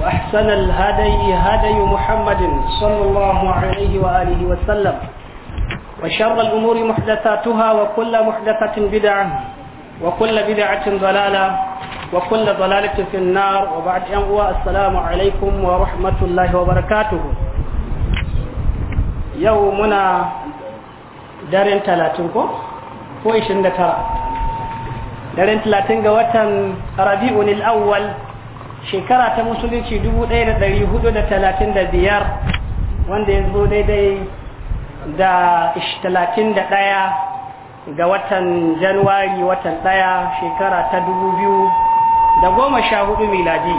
وأحسن الهدي هدي محمد صلى الله عليه وآله وسلم وشر الأمور محدثاتها وكل محدثة بدعة وكل بدعة ضلالة وكل ضلالة في النار وبعد أن السلام عليكم ورحمة الله وبركاته يومنا دارين تلاتنكو ko اندتا دارين تلاتنكو وطن watan الأول shekara ta musulunci 1435 wanda ya zo daidai da 31 ga watan januwari watan 1 shekara ta 2014 miladi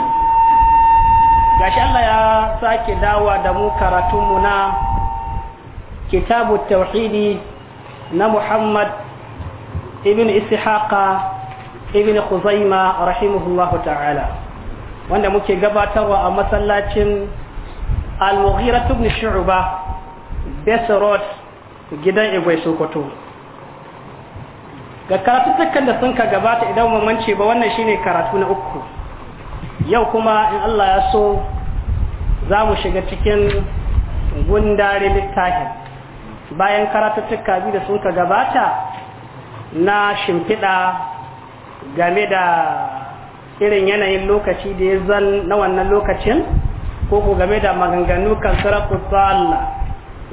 gashi Allah ya sake dawa da mu karatunmu na kitabu tauhidi na Muhammad ibn Ishaqa ibn Khuzaima rahimahullahu ta'ala wanda muke gabatarwa a masallacin al-mughira ibn shu'ba besarot gidan igwai sokoto ga karatuttukan da sun ka gabata idan mance ba wannan shine karatu na uku yau kuma in Allah ya so za mu shiga cikin gundare littafin bayan karatuttuka biyu da sun ka gabata na shimfiɗa game da irin yanayin lokaci da ya zan na wannan lokacin ko ku game da maganganu kan sarakun tsalla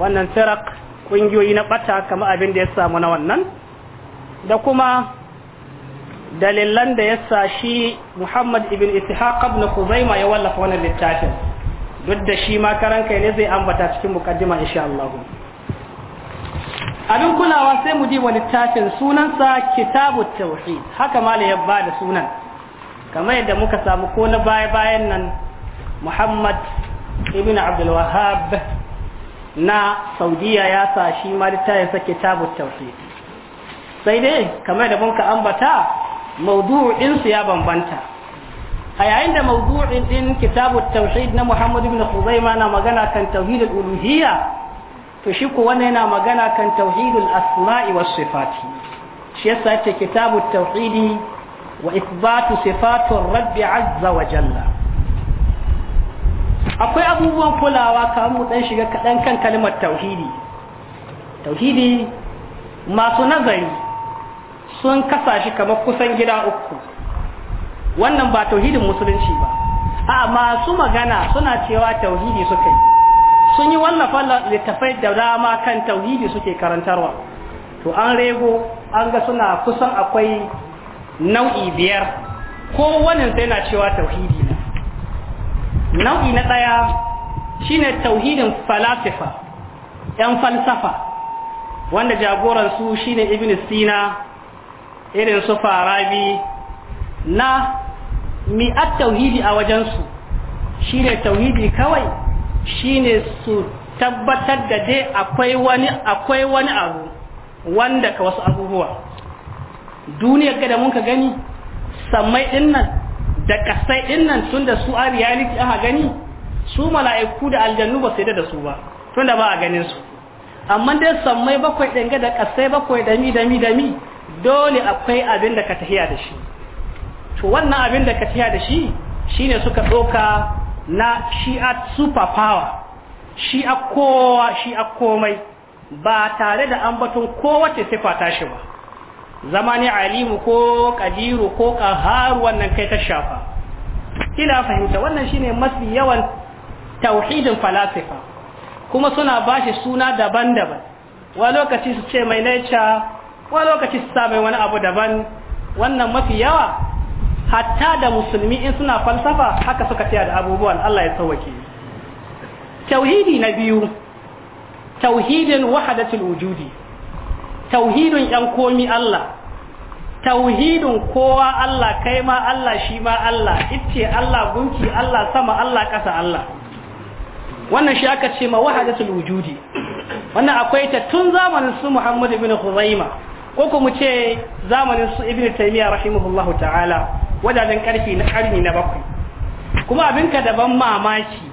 wannan sirak ƙungiyoyi na bata kama abin da ya samu na wannan da kuma dalilan da ya sa shi muhammad ibn ishaq ibn kuzaima ya wallafa wannan littafin duk da shi ma kai ne zai ambata cikin mukaddima insha Allah abin kulawa sai mu ji littafin sunansa kitabut tauhid haka Malam ya bada sunan kamar yadda muka samu ko na baya-bayan nan muhammad ibn abdulwahab na saudiya ya sa shi ma littafin sake tabut tauhid sai dai kamar da muka ambata mawdu'in su ya bambanta a yayin da mawdu'in din kitabut tauhid na muhammad ibn khuzaima na magana kan tauhid al-uluhiyya to shi ko wannan yana magana kan tauhidul asma'i was sifati shi yasa ce kitabut tauhidi wa isbatu sifatun rabbi azza wa jalla akwai abubuwan kulawa kamar mu dan shiga kaɗan kan kalimar tauhidi tauhidi masu nazari sun kasa shi kamar kusan gida uku wannan ba tauhidin musulunci ba a masu magana suna cewa tauhidi suka yi sun yi wallafa littafai da dama kan tauhidi suke karantarwa to an rego an ga suna kusan akwai nau'i biyar wannan sai na cewa tauhidi na nau'i na ɗaya shine tauhidin falasifa ‘yan falsafa wanda jagoransu shine ibn sina irin su farabi na mi'at tauhidi a wajensu shine tauhidi kawai shine su tabbatar da dai akwai wani abu wanda ka wasu abubuwa duniyar ga da mun ka gani sammai din nan da kasai din nan tun da su a reality aka gani su mala'iku da aljannu ba su da su ba tun da ba a ganin su amma dai sammai bakwai ga da kasai bakwai dami dami dami dole akwai abin da ka tahiya da shi to wannan abin da ka tahiya da shi shine suka ɗauka na shi'a super power shi a kowa shi a komai ba tare da ambaton kowace sifa tashi ba zama ne alimu ko kadiru ko qaharu wannan kai ta shafa ina fahimta wannan shine mafi yawan tauhidin falasifa kuma suna bashi suna daban-daban wa lokaci su ce mai nature wa lokaci su sa mai wani abu daban wannan mafi yawa hatta da musulmi in suna falsafa haka suka tsaya da abubuwan Allah ya sauke tauhidi na biyu tauhidin wahadatul wujudi tauhidin yan komi Allah tauhidin kowa Allah kai ma Allah shi ma Allah ice Allah gunki Allah sama Allah ƙasa Allah wannan shi aka ce ma wahadatul wujudi wannan akwai ta tun zamanin su Muhammad ibn Khuzaima ko kuma ce zamanin su Ibn Taymiyyah rahimahullahu ta'ala wajajen karfi na karni na bakwai kuma abin ka daban mamaki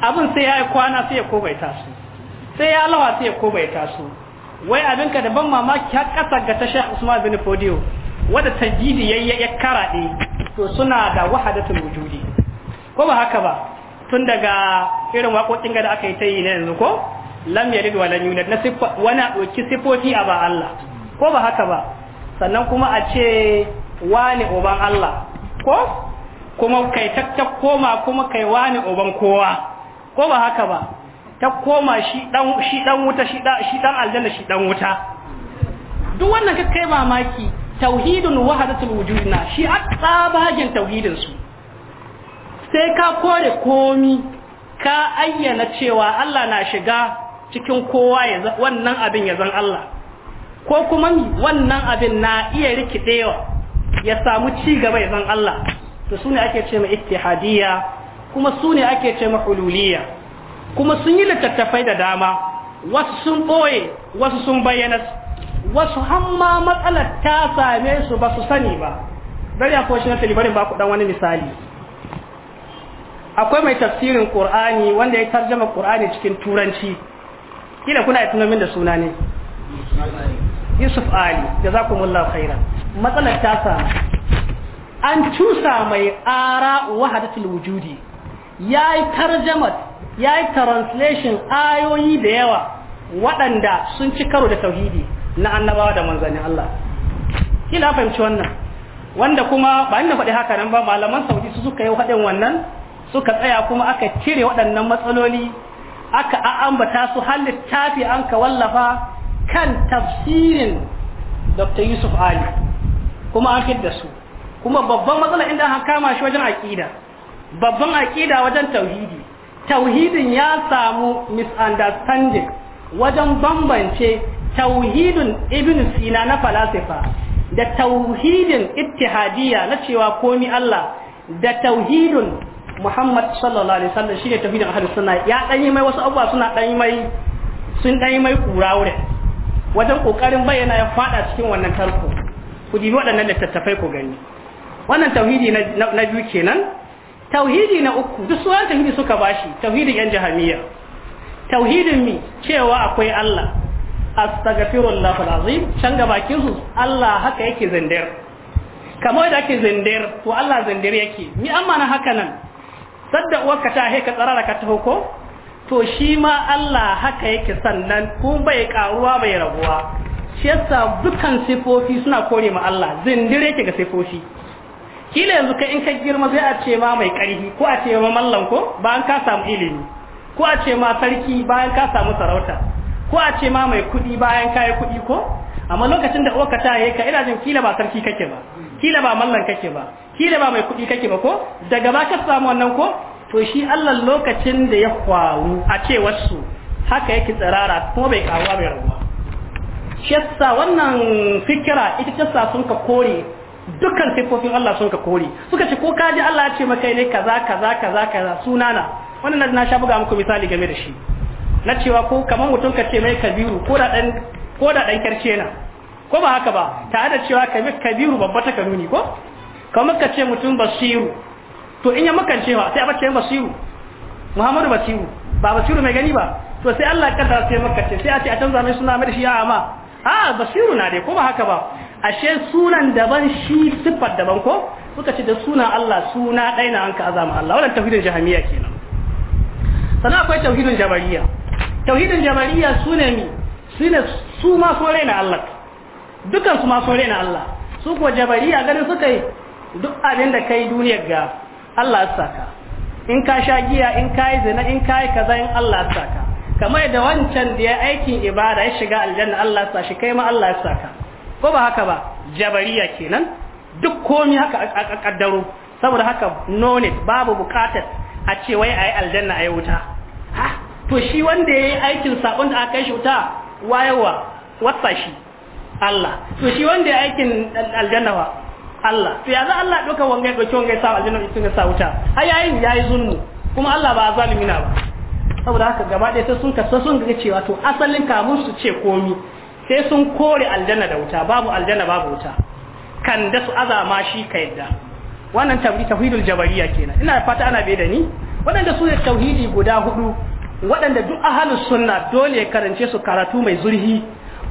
abin sai ya kwana sai ya kobaita su sai ya lawa sai ya kobaita su wai abin ka da ban mamaki har kasa ga ta Sheikh Usman bin Fodio wanda tajidi yayya ya karade to suna da wahadatul wujudi ko ba haka ba tun daga irin waƙoƙin da aka yi ta yi na yanzu ko lam yarid wa lam yulad na wani sifofi a ba Allah ko ba haka ba sannan kuma a ce wani uban Allah ko kuma kai takta koma kuma kai wani uban kowa ko ba haka ba ta koma shi dan shi dan wuta shi dan aljanna shi dan wuta duk wannan ka kai mamaki tauhidun wahdatul wujud na shi a tsabagen tauhidin su sai ka kore komi ka ayyana cewa Allah na shiga cikin kowa ya wannan abin ya zan Allah ko kuma wannan abin na iya rikidewa ya samu ci gaba ya zan Allah to sune ake ce ittihadiyya kuma sune ake ce ma hululiyya kuma sun yi littattafai da dama wasu sun ɓoye wasu sun bayyana wasu hamma matsalar ta same su ba su sani ba bari a kowace na talibarin ba ku dan wani misali akwai mai tafsirin ƙur'ani wanda ya tarjama ƙur'ani cikin turanci kila kuna tunamin da suna ne yusuf ali da za ku mulla khaira matsalar ta samu an cusa mai ƙara wahadatul wujudi ya yi tarjamar ya yi translation ayoyi da yawa waɗanda sun ci karo da tauhidi na annabawa da manzannin Allah kila fahimci wannan wanda kuma ba na faɗi haka nan ba malaman saudi su suka yi haɗin wannan suka tsaya kuma aka cire waɗannan matsaloli aka ambata su har littafi an ka wallafa kan tafsirin Dr. Yusuf Ali kuma an fidda su kuma babban matsala inda an kama shi wajen aƙida babban aƙida wajen tauhidi tauhidin ya samu misunderstanding wajen bambance tauhidin ibn sina na falasifa da tauhidin ittihadiyya na cewa komi Allah da tauhidin Muhammad sallallahu alaihi wasallam shine tauhidin ahlus sunna ya dan yi mai wasu abubuwa suna dan yi mai sun dan yi mai kura wurin wajen kokarin bayyana ya fada cikin wannan tarko ku dibi waɗannan littattafai ku gani wannan tauhidi na biyu kenan tauhidi na uku duk sunan tauhidi suka bashi tauhidin yan jahamiyya tauhidin mi cewa akwai Allah astaghfirullah alazim can ga bakin su Allah haka yake zindir kamar da ake zindir to Allah zindir yake mi amma na haka nan sadda uwarka ta haika tsarara ka taho ko to shi ma Allah haka yake sannan ko bai karuwa bai rabuwa shi yasa dukkan sifofi suna kore ma Allah zindir yake ga sifofi kila yanzu kai in ka girma zai a ce ma mai karfi ko a ce ma mallan ko bayan ka samu ilimi ko a ce ma sarki bayan ka samu sarauta ko a ce ma mai kuɗi bayan ka yi kuɗi ko amma lokacin da uwarka ta yi ka ina jin kila ba sarki kake ba kila ba mallan kake ba kila ba mai kuɗi kake ba ko daga ba ka samu wannan ko to shi Allah lokacin da ya kwaru a ce wasu haka yake tsirara ko bai ba bai rabuwa shi yasa wannan fikira ita ta sa sun ka kore dukkan siffofin Allah sun ka kore suka ce ko kaji Allah ya ce maka ne kaza kaza kaza kaza sunana wannan na sha buga muku misali game da shi na cewa ko kamar mutum ka ce mai kabiru ko da dan ko da dan karce na ko ba haka ba ta da cewa mai kabiru babba ta kanuni ko kamar ka ce mutum basiru to in ya maka cewa sai a bace basiru Muhammadu basiru ba basiru mai gani ba to sai Allah ya kaddara sai maka ce sai a ce a canza mai suna mai shi ya amma a basiru na dai ko ba haka ba ashe sunan daban shi siffar daban ko suka ce da suna Allah suna ɗaya na an ka azama Allah wannan tauhidin jahamiyya kenan sannan akwai tauhidin jabariya tauhidin jabariya su ne mi su ne su ma so na Allah dukan su ma so na Allah su kuwa jabariya ganin suka yi duk abin da kai duniyar ga Allah ya saka in ka sha giya in ka yi zina in ka yi kaza in Allah ya saka kamar da wancan da ya aikin ibada ya shiga aljanna Allah ya sa shi kai ma Allah ya saka ko ba haka ba jabariya kenan duk komi haka a kaddaro saboda haka nonet babu bukatar a ce wai ayi aljanna ayi wuta ha to shi wanda yayi aikin sabon da aka kai shi wuta wayewa wasa shi Allah to shi wanda yayi aikin aljanna wa Allah to yanzu Allah doka wanga doki wanga sa aljanna isin sa wuta ai yayin yayi zunnu kuma Allah ba zalimina ba saboda haka gaba ɗaya sai sun kasa sun ga cewa to asalin kamun su ce komi sai sun kore aljanna da wuta babu aljanna babu wuta kan da su azama shi ka yadda wannan tawhid tauhidul jabariya kenan ina fata ana bai da ni waɗanda su ne tauhidi guda hudu waɗanda duk ahlus sunna dole karance su karatu mai zurhi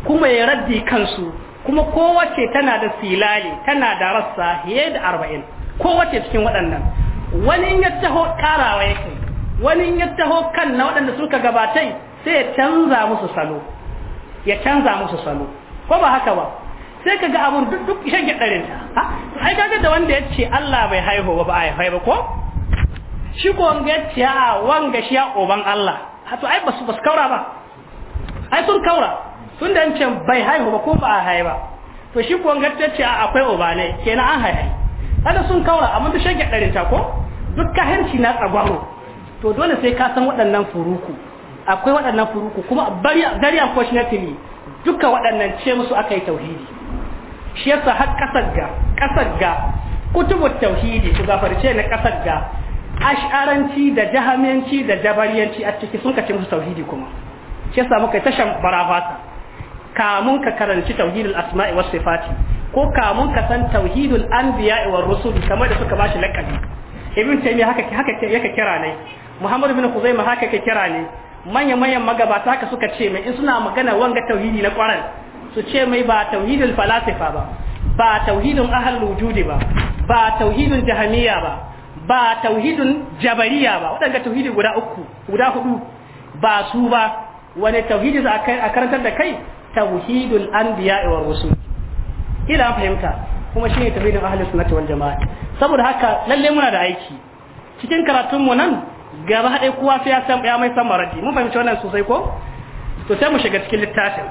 kuma ya raddi kansu kuma kowace tana da silali tana da rassa fiye da arba'in kowace cikin waɗannan wani in ya taho ƙarawa yake wani in ya taho kan na waɗanda suka gabatai sai ya canza musu salo ya canza musu salo ko ba haka ba sai ka ga abun duk duk shan gyadarin ta ai kaga da wanda yace Allah bai haihu ba ai haihu ba ko shi ko wanga yace a wanga shi ya oban Allah to ai basu su kaura ba ai sun kaura tun da yancin bai haihu ba ko ba a haihu ba to shi ko wanga yace a akwai oba ne kenan an haihu kada sun kaura amma duk shan gyadarin ta ko duk kahanci na tsagwaro to dole sai ka san waɗannan furuku akwai waɗannan furuku kuma bari na unfortunately duka waɗannan ce musu aka yi tauhidi shi yasa har kasar ga kasar ga tauhidi ku gafarce na kasar ga ash'aranci da jahamiyanci da jabariyanci a ciki sun kace musu tauhidi kuma shi yasa muka tashan barafata kamun ka karanci tauhidul asma'i was sifati ko kamun ka san tauhidul anbiya'i war rusul kamar da suka bashi laqabi ibn taymiya haka haka yake kira ne muhammad ibn khuzaimah haka yake kira ne manya-manyan magabata haka suka ce mai in suna magana wanga tauhidi na kwaran su ce mai ba tauhidin falasifa ba ba tauhidin ahalin wujudi ba ba tauhidin jahamiya ba ba tauhidin jabariya ba waɗanda tauhidi guda uku guda hudu ba su ba wani tauhidi za a karantar da kai an biya wa wasu. ila fahimta kuma shine tauhidin ahalin sunnati wal jamaa saboda haka lalle muna da aiki cikin karatun mu nan gaba haɗe kowa sai ya san ya mai san maradi mun fahimci wannan sosai ko to sai mu shiga cikin littafin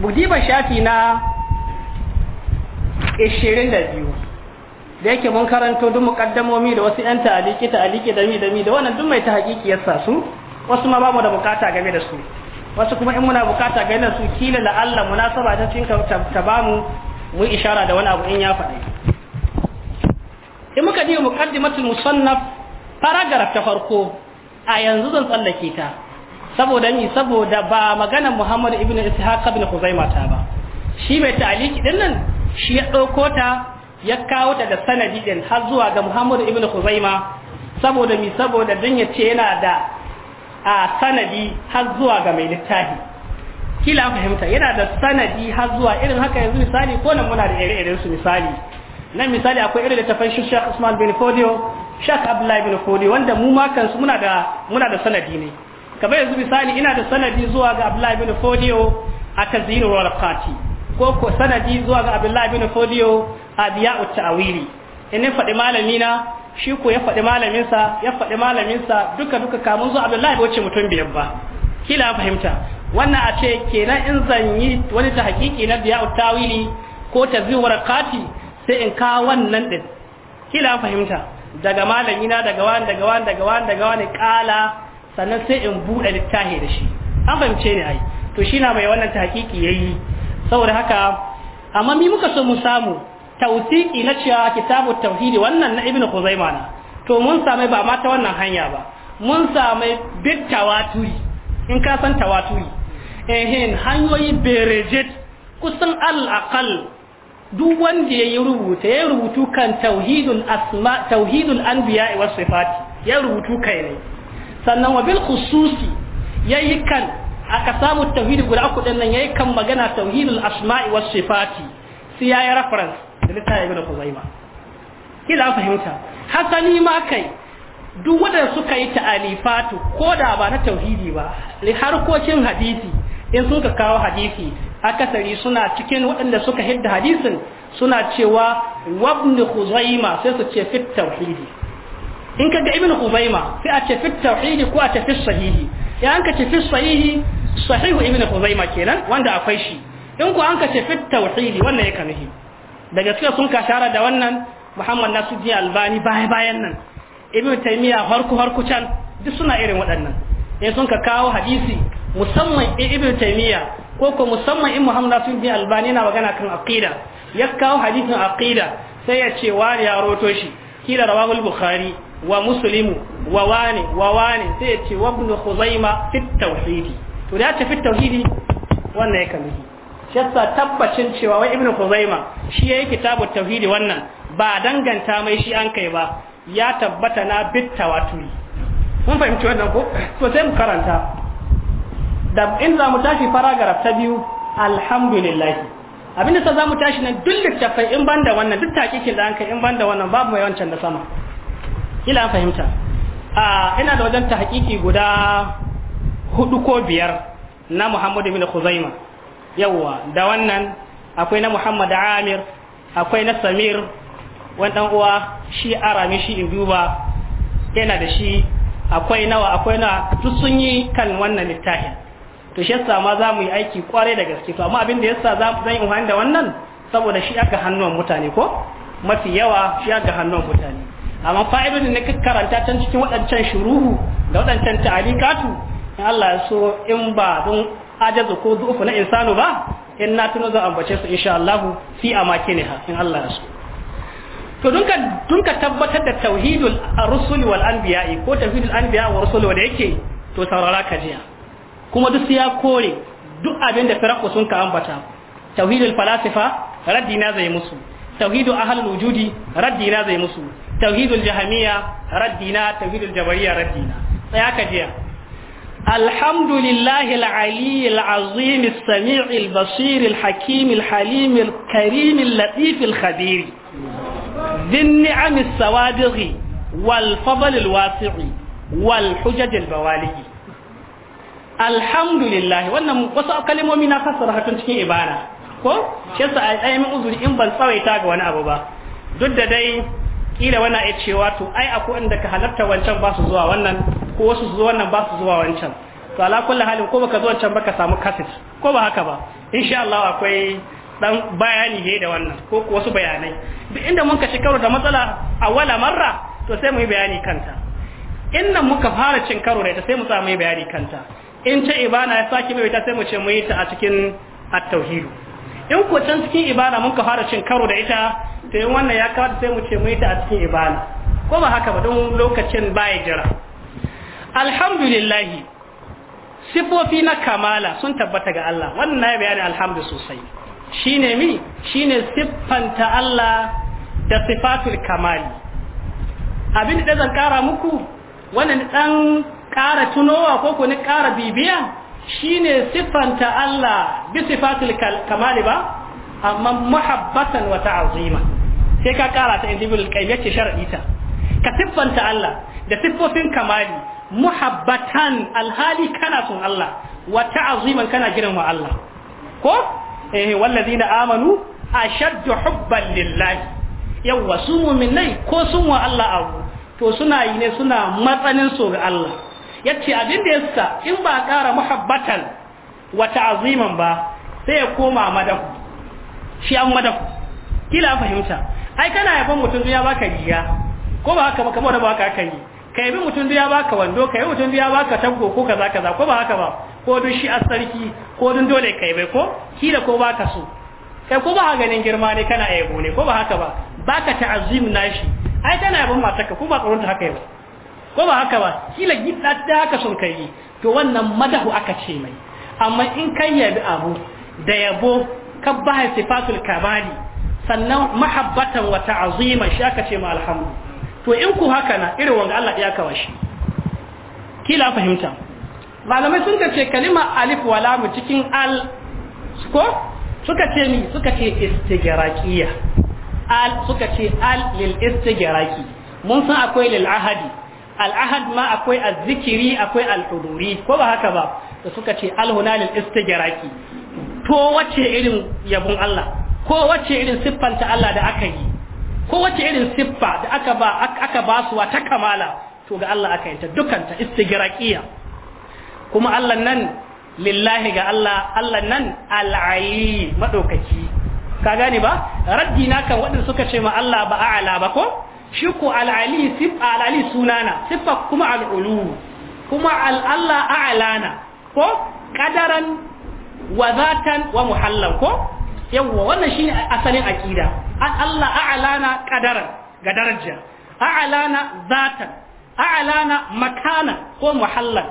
budiban shafi na 22 da yake mun karanto duk mukaddamomi da wasu 'yan ta'aliki ta'aliki da mi da mi da wannan duk mai ta hakiki sa su wasu ma bamu da bukata game da su wasu kuma in muna bukata game da su kila Allah munasaba ta cin ta bamu mu ishara da wani abu in ya faɗi in muka ji muqaddimatul musannaf paragraph ta farko a yanzu zan tsallake ta saboda ni saboda ba maganar Muhammad ibn Ishaq ibn Khuzaimah ta ba shi mai ta'aliki din nan shi ya dauko ta ya kawo ta da sanadi din har zuwa ga Muhammad ibn Khuzaimah saboda mi saboda din ya ce yana da a sanadi har zuwa ga mai littafi kila fahimta yana da sanadi har zuwa irin haka yanzu misali ko nan muna da ire-iren su misali nan misali akwai irin littafin shi Sheikh Usman bin Fodio Sheikh Abdullahi bin Fodio wanda mu ma kansu muna da muna da sanadi ne kamar yanzu misali ina da sanadi zuwa ga Abdullahi bin Fodio a Tazyinul Warqati ko ko sanadi zuwa ga Abdullahi bin Fodio a Biya'ut Ta'wili in ne faɗi malami na shi ko ya faɗi malamin sa ya faɗi malamin sa duka duka kamun zuwa Abdullahi wace mutum biyar ba kila fahimta wannan a ce kenan in zan yi wani ta hakiki na Biya'ut Ta'wili ko Tazyinul Warqati sai in kawo wannan din kila fahimta daga malami daga wani daga wani daga wani daga wani kala sannan sai in bude littafi da shi an fahimce ni ai to shi na mai wannan tahqiqi yayi saboda haka amma mi muka so mu samu tausiƙi na cewa kitabu tauhidi wannan na ibnu khuzaima na to mun same ba ma ta wannan hanya ba mun same bid tawaturi in ka san tawaturi ehin hanyoyi berejet kusan al aqal duk wanda yayi rubuta ya rubutu kan tauhidul asma tauhidul anbiya wa sifati ya rubutu kai ne sannan wa bil khususi yayi kan aka samu tauhid guda uku din nan yayi kan magana tauhidul Asma wa sifati sai yayi reference da littafin Ibn Khuzaimah kila fahimta Hassani ma kai duk wanda suka yi ta'alifatu ko da ba na tauhidi ba li harkokin hadisi in sun kawo hadisi akasari suna cikin waɗanda suka hidda hadisin suna cewa wabni huzaima sai su ce fit tauhidi in ka ga ibn huzaima sai a ce fit tauhidi ko a ce fit sahihi ya an ka ce fit sahihi sahihu ibn huzaima kenan wanda akwai shi in ku an ka ce fit tauhidi wannan ya kanihi da gaskiya sun ka shara da wannan muhammad ji albani baya bayan nan ibn taymiya harku harku can duk suna irin waɗannan in sun ka kawo hadisi musamman ibn taymiya ko ko musamman in muhammad nasir bin albani na magana kan aqida ya kawo hadisin aqida sai ya ce wani ya roto shi kila rawahu bukhari wa muslimu wa wani wa wani sai ya ce wa ibn khuzaima fi tauhidi to da ta fi tauhidi wannan ya kalli. shi yasa tabbacin cewa wai ibn khuzaima shi yayi kitabut tauhidi wannan ba danganta mai shi an kai ba ya tabbata na bitta waturi mun fahimci wannan ko to sai mu karanta da in za mu tashi paragraph ta biyu alhamdulillah abinda sa za mu tashi nan duk littafai in banda wannan duk takikin da an kai in banda wannan babu mai wancan da sama ila an fahimta a ina da wajen hakiki guda hudu ko biyar na Muhammad bin Khuzaima yawa da wannan akwai na Muhammad Amir akwai na Samir wani dan uwa shi arami shi in duba yana da shi akwai nawa akwai nawa duk sun yi kan wannan littafin to shi yasa ma za mu yi aiki kwarai da gaske to amma abin da yasa za zan yi umarni da wannan saboda shi aka hannuwan mutane ko mafi yawa shi aka hannuwan mutane amma fa'idun da karanta can cikin waɗancan shuruhu da waɗancan ta'alikatu in Allah ya so in ba don ajazu ko zuufu na insanu ba in na tuno zan ambace su insha Allah fi amakiniha in Allah ya so to dunka dunka tabbatar da tauhidul rusul wal anbiya ko tauhidul anbiya wa rusul da yake to saurara ka jiya kuma duk ya kore duk abin da firaqu sun ka ambata tauhidul falasifa raddi na zai musu tauhidu ahlul wujudi raddi na zai musu tauhidul jahamiyya raddi na tauhidul jabariyya raddi na tsaya ka jiya alhamdulillahi al azim as-sami' basir al-hakim halim al-karim al khabir bin ni'am sawadighi wal fadl wasii wal hujaj al-bawalighi alhamdulillah wannan wasu kalmomi na fassara hatun cikin ibara ko shi yasa a tsaye min uzuri in ban tsawaita ga wani abu ba duk da dai kila wannan ya cewa to ai akwai inda ka halarta wancan ba su zuwa wannan ko wasu su zuwa wannan ba su zuwa wancan to ala kulli halin ko baka zo wancan baka samu kasit ko ba haka ba insha Allah akwai dan bayani ne da wannan ko wasu bayanai duk inda mun ka karo da matsala a wala marra to sai mu yi bayani kanta nan muka fara cin karo da ita sai mu samu bayani kanta in ce ibada ya sake mai ta sai mu ce mu yi ta a cikin at-tauhidu in ko can cikin ibada mun ka fara cin karo da ita to yin wannan ya kawata sai mu ce mu yi ta a cikin ibada ko ba haka ba don lokacin baya jira alhamdulillah sifofi na kamala sun tabbata ga Allah wannan ya bayani alhamdu sosai shine mi shine siffanta Allah da sifatul kamali abin da zan kara muku wannan dan ƙara tunowa ko ku ni ƙara bibiya shine siffanta Allah bi sifatul kamali ba amma muhabbatan wa ta'zima sai ka ƙara ta indibul qayyace shar'i ta ka siffanta Allah da siffofin kamali muhabbatan alhali kana sun Allah wa ta'ziman kana girma Allah ko eh wallazina amanu ashaddu hubban lillahi yawa su mu'minai ko sun wa Allah abu to suna yi ne suna matsanin so ga Allah yace abin da yasa in ba ƙara muhabbatan wa ta'ziman ba sai ya koma madafu shi an madafu kila fahimta ai kana yabon mutun duniya baka riya ko ba haka ba kamar da baka kan yi kai bi mutun duniya baka wando kai mutun duniya baka tabgo ko kaza kaza ko ba haka ba ko dun shi a sarki ko dun dole kai bai ko kila ko baka so kai ko ba ganin girma ne kana yabo ne ko ba haka ba baka ta'zim nashi ai kana yabon mataka ko ba tsoron ta haka yau ko ba haka ba kila gidda da haka sun kai to wannan madahu aka ce mai amma in kai yabi abu da yabo ka ba sifatul kamali sannan mahabbatan wa ta'zima shi aka ce ma alhamdu to in ku haka na irin wanda Allah ya kawo shi kila fahimta malamai sun ce kalima alif wa lam cikin al ko suka ce ni suka ce istigraqiya al suka ce al lil istigraqi mun san akwai lil ahadi al'ahad ma akwai azzikiri akwai al'uduri ko ba haka ba da suka ce alhunalil istigraki to wace irin yabon Allah ko wace irin siffanta Allah da aka yi ko wace irin siffa da aka ba aka basuwa ta kamala to ga Allah aka yanta dukanta istigraqiya kuma Allah nan lillahi ga Allah Allah nan al'ayi madaukaki ka gane ba raddi na kan waɗanda suka ce ma Allah ba a'ala ba ko shi ko al'ali al'ali sunana siffa kuma al'ulu kuma al'alla a'lana ko kadaran wa zatan wa muhallan ko yawwa wannan shine asalin aqida al'alla a'lana kadaran ga daraja a'lana zatan a'lana makana ko muhallan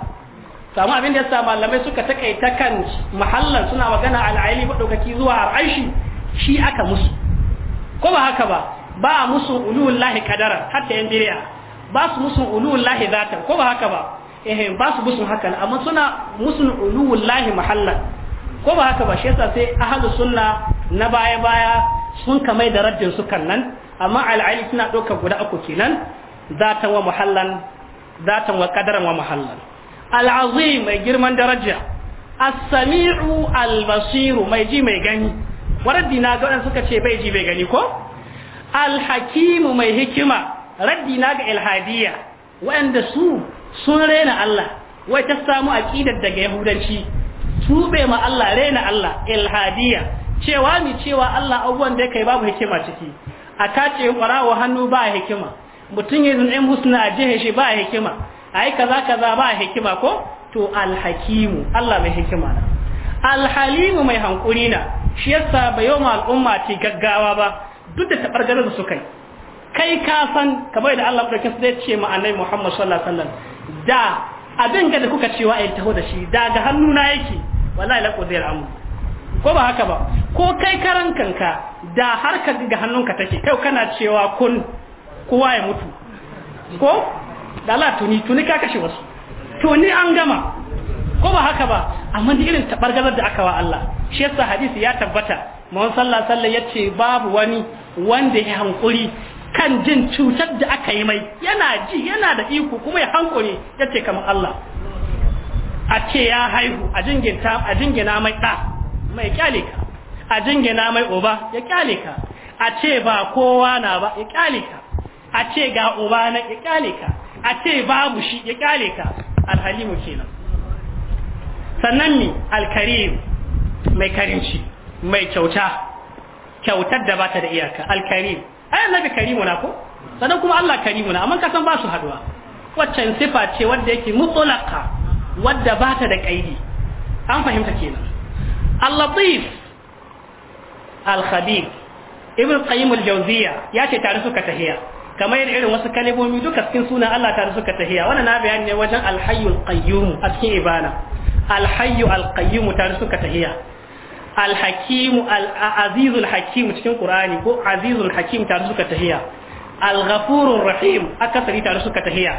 samu abin da yasa malamai suka takaita kan muhallan suna magana al'ali madaukaki zuwa ar'aishi shi aka musu ko ba haka ba ba a musu ulullahi kadara hatta yan biriya ba su musu ulullahi zata ko ba haka ba eh ba su musu hakan amma suna musu ulullahi mahallan ko ba haka ba shi yasa sai ahlus sunna na baya baya sun kamai da raddin su kan nan amma al'ali suna ɗaukar guda uku kenan zatan wa mahallan zatan wa kadaran wa mahallan al'azim mai girman daraja as-sami'u al-basiru mai ji mai gani waraddi na ga suka ce bai ji bai gani ko alhakimu mai hikima raddi na ga ilhadiyya waɗanda su sun rena Allah wai ta samu aqidar daga yahudanci tube ma Allah rena Allah ilhadiyya cewa mi cewa Allah abubuwan da kai babu hikima ciki a tace kwarawa hannu ba hikima mutum ya zan ɗan husna a jihe shi ba hikima a yi kaza kaza ba hikima ko to alhakimu Allah mai hikima na alhalimu mai hankuri na shi yasa bai yau ma al'umma ci gaggawa ba duk da tabarganar da su kai kai ka san kamar da Allah ɗauke su zai ce ma annabi Muhammad sallallahu alaihi wasallam da abin ga da kuka cewa ai taho da shi daga hannuna yake wallahi la qudir amu ko ba haka ba ko kai karan kanka da har ka ga hannunka take kai kana cewa kun kowa ya mutu ko da Allah tuni tuni ka kashe wasu tuni an gama ko ba haka ba amma da irin ganar da aka wa Allah shi yasa hadisi ya tabbata mawan sallah sallah ya ce babu wani wanda ya hankuri kan jin cutar da aka yi mai yana ji yana da iko kuma ya hankuri ya ce kamar Allah a ce ya haihu a jingina mai ɗa mai kyale ka a jingina mai uba ya kyale a ce ba kowa na ba ya kyale a ce ga uba na ya kyale a ce babu shi ya kyale ka alhalimu kenan sannan mi alkarim mai karinci mai kyauta kyautar da ta da iyaka alkarim ai annabi karimu na ko sannan kuma Allah karimu na amma kasan ba su haduwa waccan sifa ce wadda yake mutlaka wadda bata da kaidi an fahimta kenan al-latif al-khabir ibn qayyim al-jawziya ya ce tare suka tahiya kamar yadda irin wasu kalmomi duka cikin suna Allah tare suka tahiya wannan na bayani ne wajen al-hayyul qayyum a cikin ibana al-hayyu qayyum tare suka tahiya alhakimu azizul hakimu cikin qur'ani ko azizul hakim tare suka tahiya alghafurur rahim akasari tare suka tahiya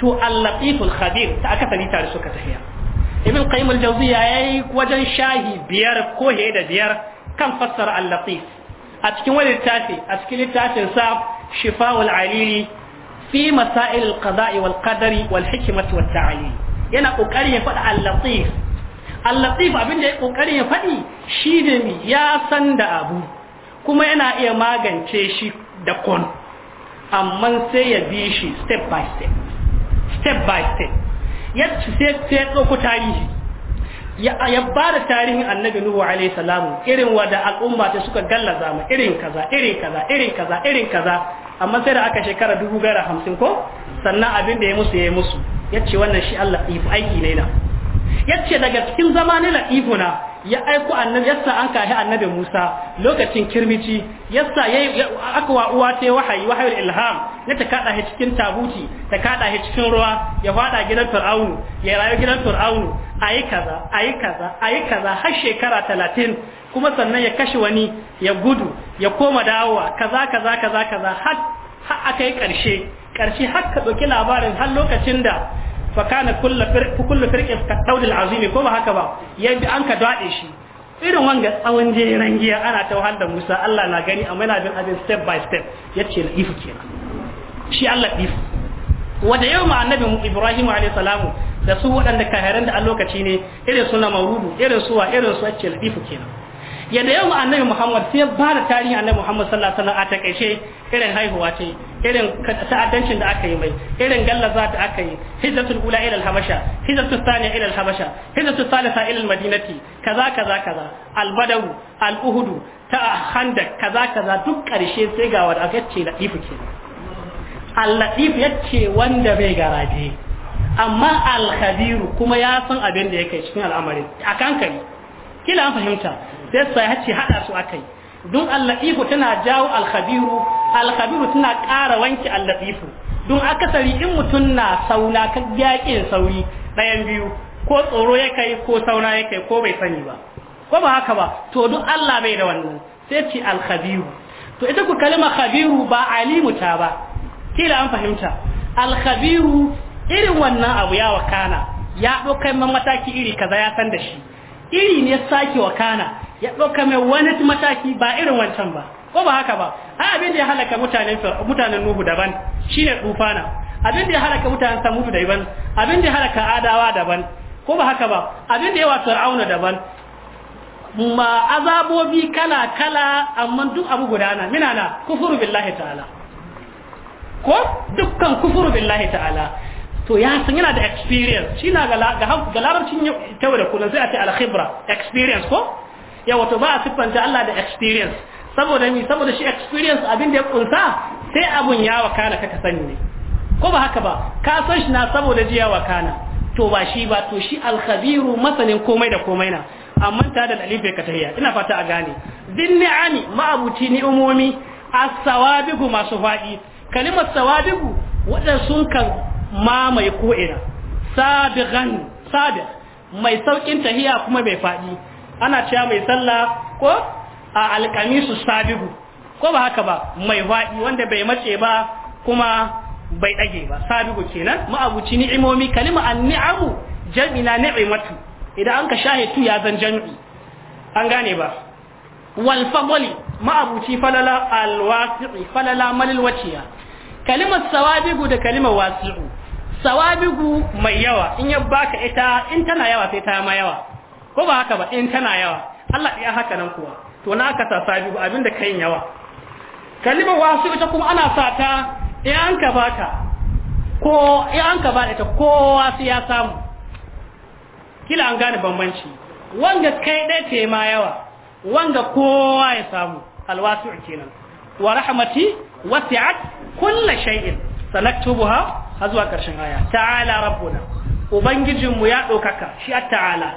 to al-latiful khabir ta akasari tare suka tahiya ibn qayyim al-jawziya yayi wajen shahi biyar ko he biyar kan fassara allatif latif a cikin wani littafi a cikin littafin sa shifa'ul alili fi masail al-qada'i wal qadari wal hikmati wat yana kokarin ya faɗa allatif. al abinda abin da ya kokari ya faɗi shi ne ya san da abu kuma yana iya magance shi da kon amma sai ya bi shi step by step step by step ya sai ya ɗauko tarihi ya ba da tarihin annabi nuhu alaihi salamu irin wanda al'umma ta suka gallaza mu irin kaza irin kaza irin kaza irin kaza amma sai da aka shekara dubu gara hamsin ko sannan abin da ya musu ya musu ya wannan shi Allah ibu aiki ne na yace daga cikin zama ne latifuna ya aiko annabi yassa an kahi annabi Musa lokacin kirmici yassa yayi aka wa uwa ce wahayi wahayul ilham ya ta kada shi cikin tabuti ta kada shi cikin ruwa ya fada gidan Fir'aunu ya rayu gidan Fir'aunu ayi kaza ayi kaza ayi kaza har shekara 30 kuma sannan ya kashe wani ya gudu ya koma dawowa kaza kaza kaza kaza har har akai karshe karshe har ka doki labarin har lokacin da fa kana kullu firq kullu azimi ko ba haka ba yabi an ka dade shi irin wanga tsawon jeren giya ana ta wahal da Musa Allah na gani amma yana bin abin step by step yace laifu kenan shi Allah laifu wanda yau ma annabi Ibrahim alayhi salamu da su waɗanda kahiran da a lokaci ne irin su na maurudu irin suwa irin su na laifu kenan yadda yau annabi Muhammad sai ba da tarihin annabi Muhammad sallallahu alaihi wasallam a takaice irin haihuwa ce irin ta'addancin da aka yi mai irin gallaza da aka yi hijratul ula ila al-habasha hijratul thaniya ila al-habasha hijratul thalitha ila al-madinati kaza kaza kaza al-badaru al-uhudu ta handak kaza kaza duk karshe sai ga wanda aka ce latifu ke al yace wanda bai garaje amma al-khabiru kuma ya san abin da yake cikin al'amari akan kai kila an fahimta sai ya ce hada su akai dun allatifu tana jawo alkhabiru alkhabiru tana ƙara wanke allatifu dun akasari in mutum na sauna ka yaƙin sauri ɗayan biyu ko tsoro ya kai ko sauna ya kai ko bai sani ba ko ba haka ba to duk Allah bai da wannan sai ce alkhabiru to ita ku kalma khabiru ba alimu ta ba kila an fahimta alkhabiru irin wannan abu ya wakana ya ɗaukai mataki iri kaza ya san da shi iri ne sake wakana ya ɗauka mai wani mataki ba irin wancan ba ko ba haka ba a abin da ya halaka mutanen mutanen nuhu daban shine tsufana abin da ya halaka mutanen samudu daban abin da ya halaka adawa daban ko ba haka ba abin da ya wato auna daban ma azabobi kala kala amma duk abu gudana mina na kufuru billahi ta'ala ko dukkan kufuru billahi ta'ala to ya san yana da experience shi na ga larabcin yau da kullum sai a ce alhibra experience ko ya wato ba a siffanta Allah da experience saboda mi saboda shi experience abin da ya kunsa sai abun ya wakana kaka sani ne ko ba haka ba ka san shi na saboda ji ya wakana to ba shi ba to shi alkhabiru masanin komai da komai na amma ta da alife ka tahiya ina fata a gane bin ni'ami ma'abuci umumi as-sawabigu masu fadi kalimar sawabigu waɗansu sun kan mamaye ko ina sabiqan sabiq mai saukin tahiya kuma mai fadi ana cewa mai sallah ko a alkamisu sabigu ko ba haka ba mai faɗi wanda bai mace ba kuma bai ɗage ba sabigu kenan ma'abuci ni'imomi kalima an ni'amu jam'i na ni'imatu idan an ka shahe tu ya zan jam'i an gane ba wal fadli ma'abuci falala al falala malil waciya kalimar sawabigu da kalimar wasi'u sawabigu mai yawa in ya baka ita in tana yawa sai ta ma yawa ko ba haka ba in kana yawa Allah ya haka nan kuwa to na ka sa sabi ba abinda kai yawa Kalima wasu ita kuma ana sata. ta in an ka baka ko in an ka bada ta kowa sai ya samu kila an gane bambanci wanga kai dai ke ma yawa wanga kowa ya samu alwasu kenan wa rahmati wasi'at kull shay'in sanaktubuha har zuwa ƙarshen aya ta'ala rabbuna ubangijinmu ya ɗaukaka shi at ta'ala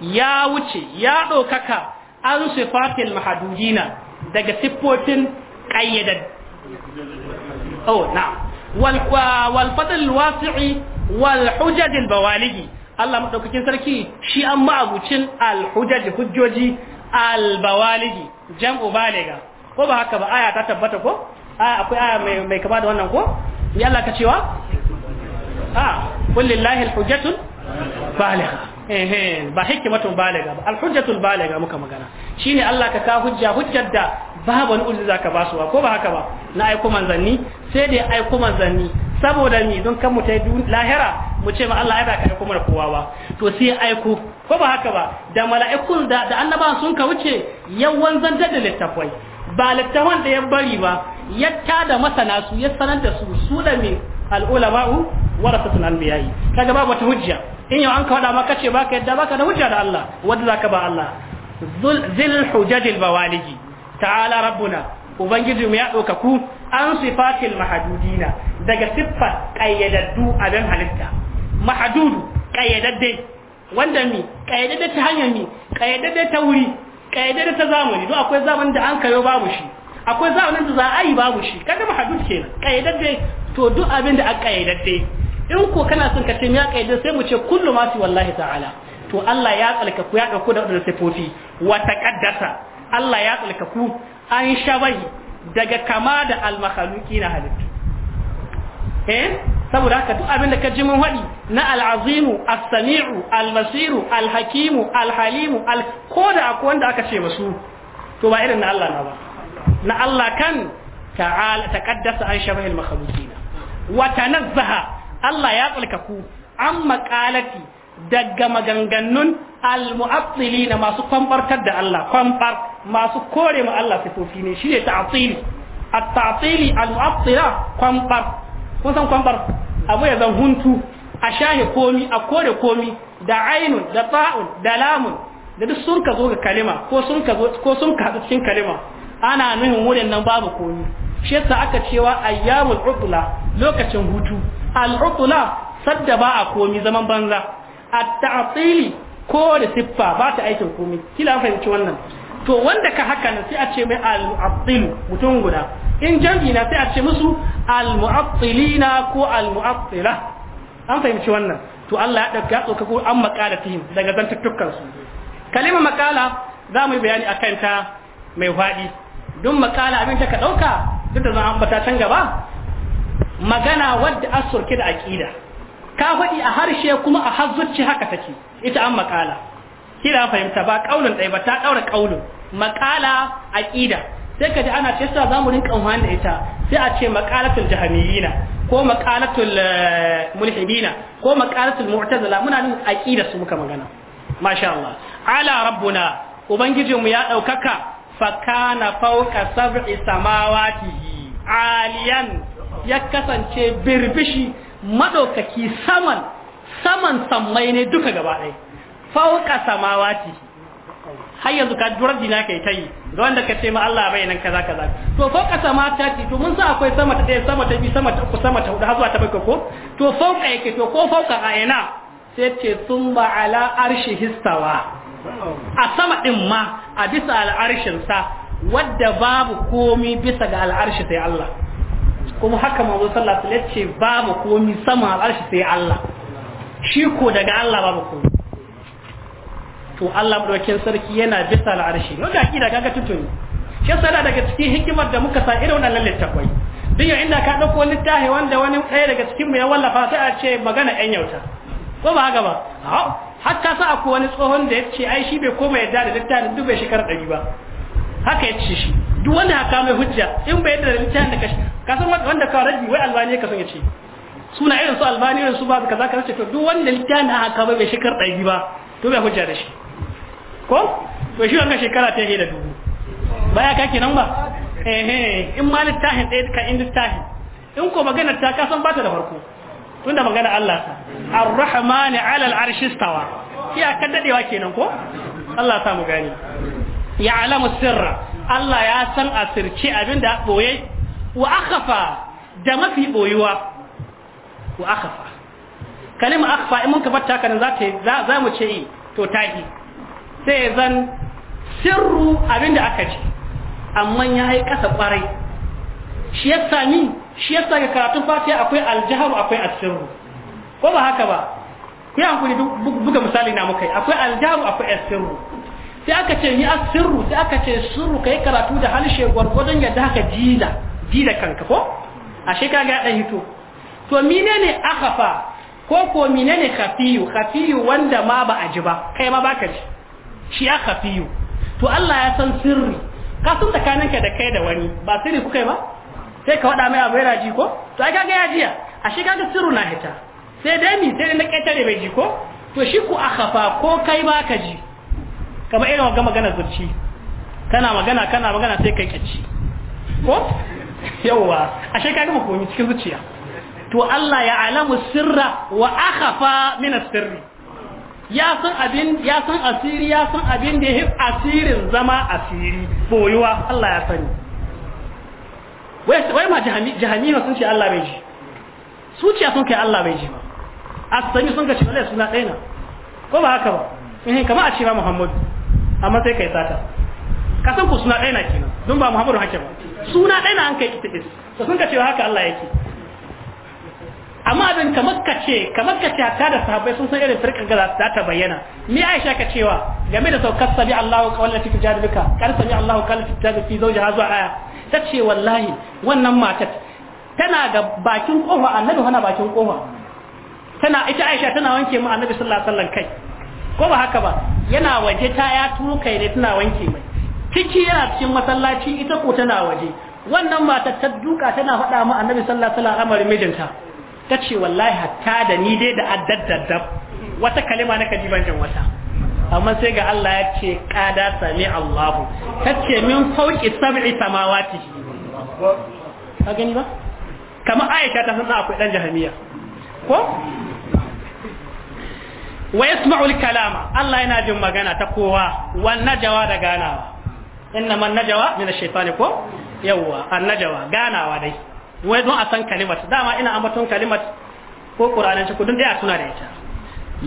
ya wuce ya ɗaukaka an sifatil mahadudina daga siffofin ƙayyadad oh na bawaligi Allah maɗaukakin sarki shi an ma'abucin al hujjoji jam'u baliga ko ba haka ba aya ta tabbata ko akwai aya mai kama da wannan ko ya cewa a ah, kullillahi Eh, eh, ba hikmatun baliga ba alhujjatul baliga muka magana shine Allah ka ka hujja hujjar da babu wani uzu zaka ba ba ko ba haka ba na aiko manzanni sai dai aiko manzanni saboda ni don kan mu ta lahira mu ce ma Allah ai ka aiko mana kowa ba to sai aiko ko ba haka ba da mala'ikun da da annabawan sun ka wuce yau zan da littafai ba littafan da ya bari ba ya tada masana su ya sanar da su su da me al ulama'u warasatul anbiya'i kaga babu wata hujja in yau an ka faɗa kace ce baka yadda baka da hujja da Allah wanda zaka ba Allah zil hujajil bawaliji ta'ala rabbuna ubangiji mu ya ɗauka ku an sifatil mahadudina daga siffar kayyadaddu abin halitta mahadudu kayyadadde wanda mi kayyadadde ta hanyar mi kayyadadde ta wuri kayyadadde ta zamani don akwai zaman da an kayo babu shi akwai zamanin da za a yi babu shi kaga mahadud kenan kayyadadde to duk abin da aka kayyadadde in ko kana son ka ce ya kaidar sai mu ce kullu ma fi wallahi ta'ala to Allah ya tsalka ku ya dauko da wadannan sifofi wa taqaddasa Allah ya tsalka ku an shabahi daga kama da al-makhluqi na halittu eh saboda haka duk abinda ka ji mun faɗi na al-azimu as-sami'u al-basiru al-hakimu al-halimu al koda akwai wanda aka ce masu to ba irin na Allah na ba na Allah kan ta'ala taqaddasa an shabahi al-makhluqina wa tanazzaha Allah ya tsalkaku an maƙalati daga maganganun al-mu'attili na masu kwamfartar da Allah kwamfar masu kore ma Allah sifofi ne shi ne ta'atili at-ta'atili al-mu'attila kwamfar kun san kwamfar abu ya zan huntu a shahe komi a kore komi da ainun da ta'un da lamun da duk sun ka zo ga kalima ko sun ka ko sun ka cikin kalima ana nuhin wurin nan babu komi shi yasa aka cewa ayyamul utla lokacin hutu al'utula sadda ba a komi zaman banza at ta'tili ko da siffa ba ta aikin komi kila fahimci wannan to wanda ka haka na sai a ce mai al mutum guda in jam'i na sai a ce musu al ko al an fahimci wannan to Allah ya ɗauka ya ko an makala tihim daga zantattukan su kalimar makala za mu yi bayani akan ta mai faɗi don makala abin ta ka ɗauka, duk da zan ambata can gaba magana wadda asurki da aƙida ka faɗi a harshe kuma a hazzuci haka take ita an makala kira fahimta ba ƙaunin ɗaya ba ta ɗaura ƙaunin makala aƙida sai ka ji ana ce suna zamu rinka amfani da ita sai a ce maqalatul jahamiyina ko maqalatul eh, mulhidina ko maqalatul mu'tazila muna nan aƙida su muka magana masha Allah ala rabbuna ubangijinmu ya ɗaukaka fakana fauka sab'i samawati aliyan ya kasance birbishi madaukaki saman saman sammai ne duka gaba ɗaya fauka samawati har yanzu ka durar dina yi ta yi ga wanda ka ce ma Allah bai nan kaza kaza to fauka samawati to mun sa akwai sama ta ɗaya sama ta biyu sama ta uku sama ta hudu har zuwa ta bakwai ko to fauka yake to ko fauka a ina sai ce sun ba ala arshi hisawa. a sama ɗin ma a bisa al'arshinsa wadda babu komi bisa ga al'arshi sai Allah kuma haka mazo sallallahu alaihi wasallam ce mu komi sama al'arshi sai Allah shi ko daga Allah babu komi to Allah madaukakin sarki yana bisa al'arshi da akida kaga tutuni shi yasa daga cikin hikimar da muka sa irin wannan littafai duk yau inda ka dauko littafi wanda wani ɗaya daga cikin mu ya wallafa sai a ce magana ɗan yauta ko ba haka ba hatta sa akwai wani tsohon da ya ce ai shi bai koma yadda da littafi duk bai shekara ɗari ba haka ya ce shi duk wanda haka mai hujja in bai yadda da littafin da kashi ka san wanda ka raddi wai albani ka san ya ce suna irin su albani irin su ba kaza kaza ce to duk wanda ya littafin haka bai shekar ɗari ba to bai hujja da shi ko to shi wannan shekara ta yi da dubu baya ka kenan ba eh in ma littafin ɗaya ka in littafin in ko magana ta ka san bata da farko tunda magana Allah ta ar-rahman 'ala al-arshi stawa iya kan dadewa kenan ko Allah ta mu gani ya alamu sirra Allah ya san asirci abinda boye wa akhafa da mafi boyuwa wa akhafa kalima akhafa in mun ka fatta kana za ta za mu ce to tahi sai zan sirru abinda aka ce amma ya yi kasa kwarai shi yasa ni shi yasa ga karatun fatiya akwai aljaharu akwai asirru ko ba haka ba ku yi hankuli buga misali na muka yi akwai aljaharu akwai asirru sai aka ce ni asirru sai aka ce sirru ka yi karatu da halshe gwargwadon yadda haka jila ji da kanka ko shi kaga dan hito to menene akhafa ko ko menene khafiyu khafiyu wanda ma ba a ji ba kai ma baka ji shi ya khafiyu to Allah ya san sirri ka san ka da kai da wani ba sirri kuka ba sai ka wada mai abu yana ji ko to ai kaga ya jiya shi kaga sirru na hita sai dai mi sai na kaitare bai ji ko to shi ku akhafa ko kai baka ji kamar irin ga magana zurci kana magana kana magana sai kai kici ko yawwa ashe ka gama komi cikin zuciya to Allah ya alamu sirra wa akhafa min sirri ya san abin ya san asiri ya san abin da ya asirin zama asiri boyuwa Allah ya sani wai ma jahamiya sun ce Allah bai ji zuciya sun kai Allah bai ji ba asami sun ka ce suna ɗaya ko ba haka ba in eh, kama a ce ba Muhammadu amma sai kai sata ka san ku suna ɗaya na kenan don ba Muhammadu hake ba suna ɗaya na an kai itifis to sun ka cewa haka Allah yake amma abin kamar ka ce kamar ka ce hatta da sahabbai sun san irin firkan gaza za ta bayyana ni Aisha ka cewa game da saukar sabi Allahu qawlan fi tijadika kar sabi Allahu qawlan fi tijadika fi zawjiha zuwa aya ta ce wallahi wannan matar tana ga bakin kofa annabi hana bakin kofa tana ita Aisha tana wanke mu annabi sallallahu alaihi wasallam kai ko ba haka ba yana waje ta ya tuka ne tana wanke mai ciki yana cikin masallaci ita ko tana waje wannan matar ta duka tana faɗa mu annabi sallallahu alaihi wasallam amarin mijinta ta ce wallahi hatta da ni dai da addaddadab wata kalima na kaji ban wata amma sai ga Allah ya ce kada sami Allah tace min fauki sab'i samawati ka gani ba kamar Aisha ta sanar akwai dan jahamiya ko wa yasma'u al-kalama Allah yana jin magana ta kowa wannan jawa da ganawa inna man najawa min ash-shaytani ko yawwa annajawa ganawa dai wai don a san kalimat dama ina ambaton kalimat ko qur'anin ci kudin dai a tuna da ita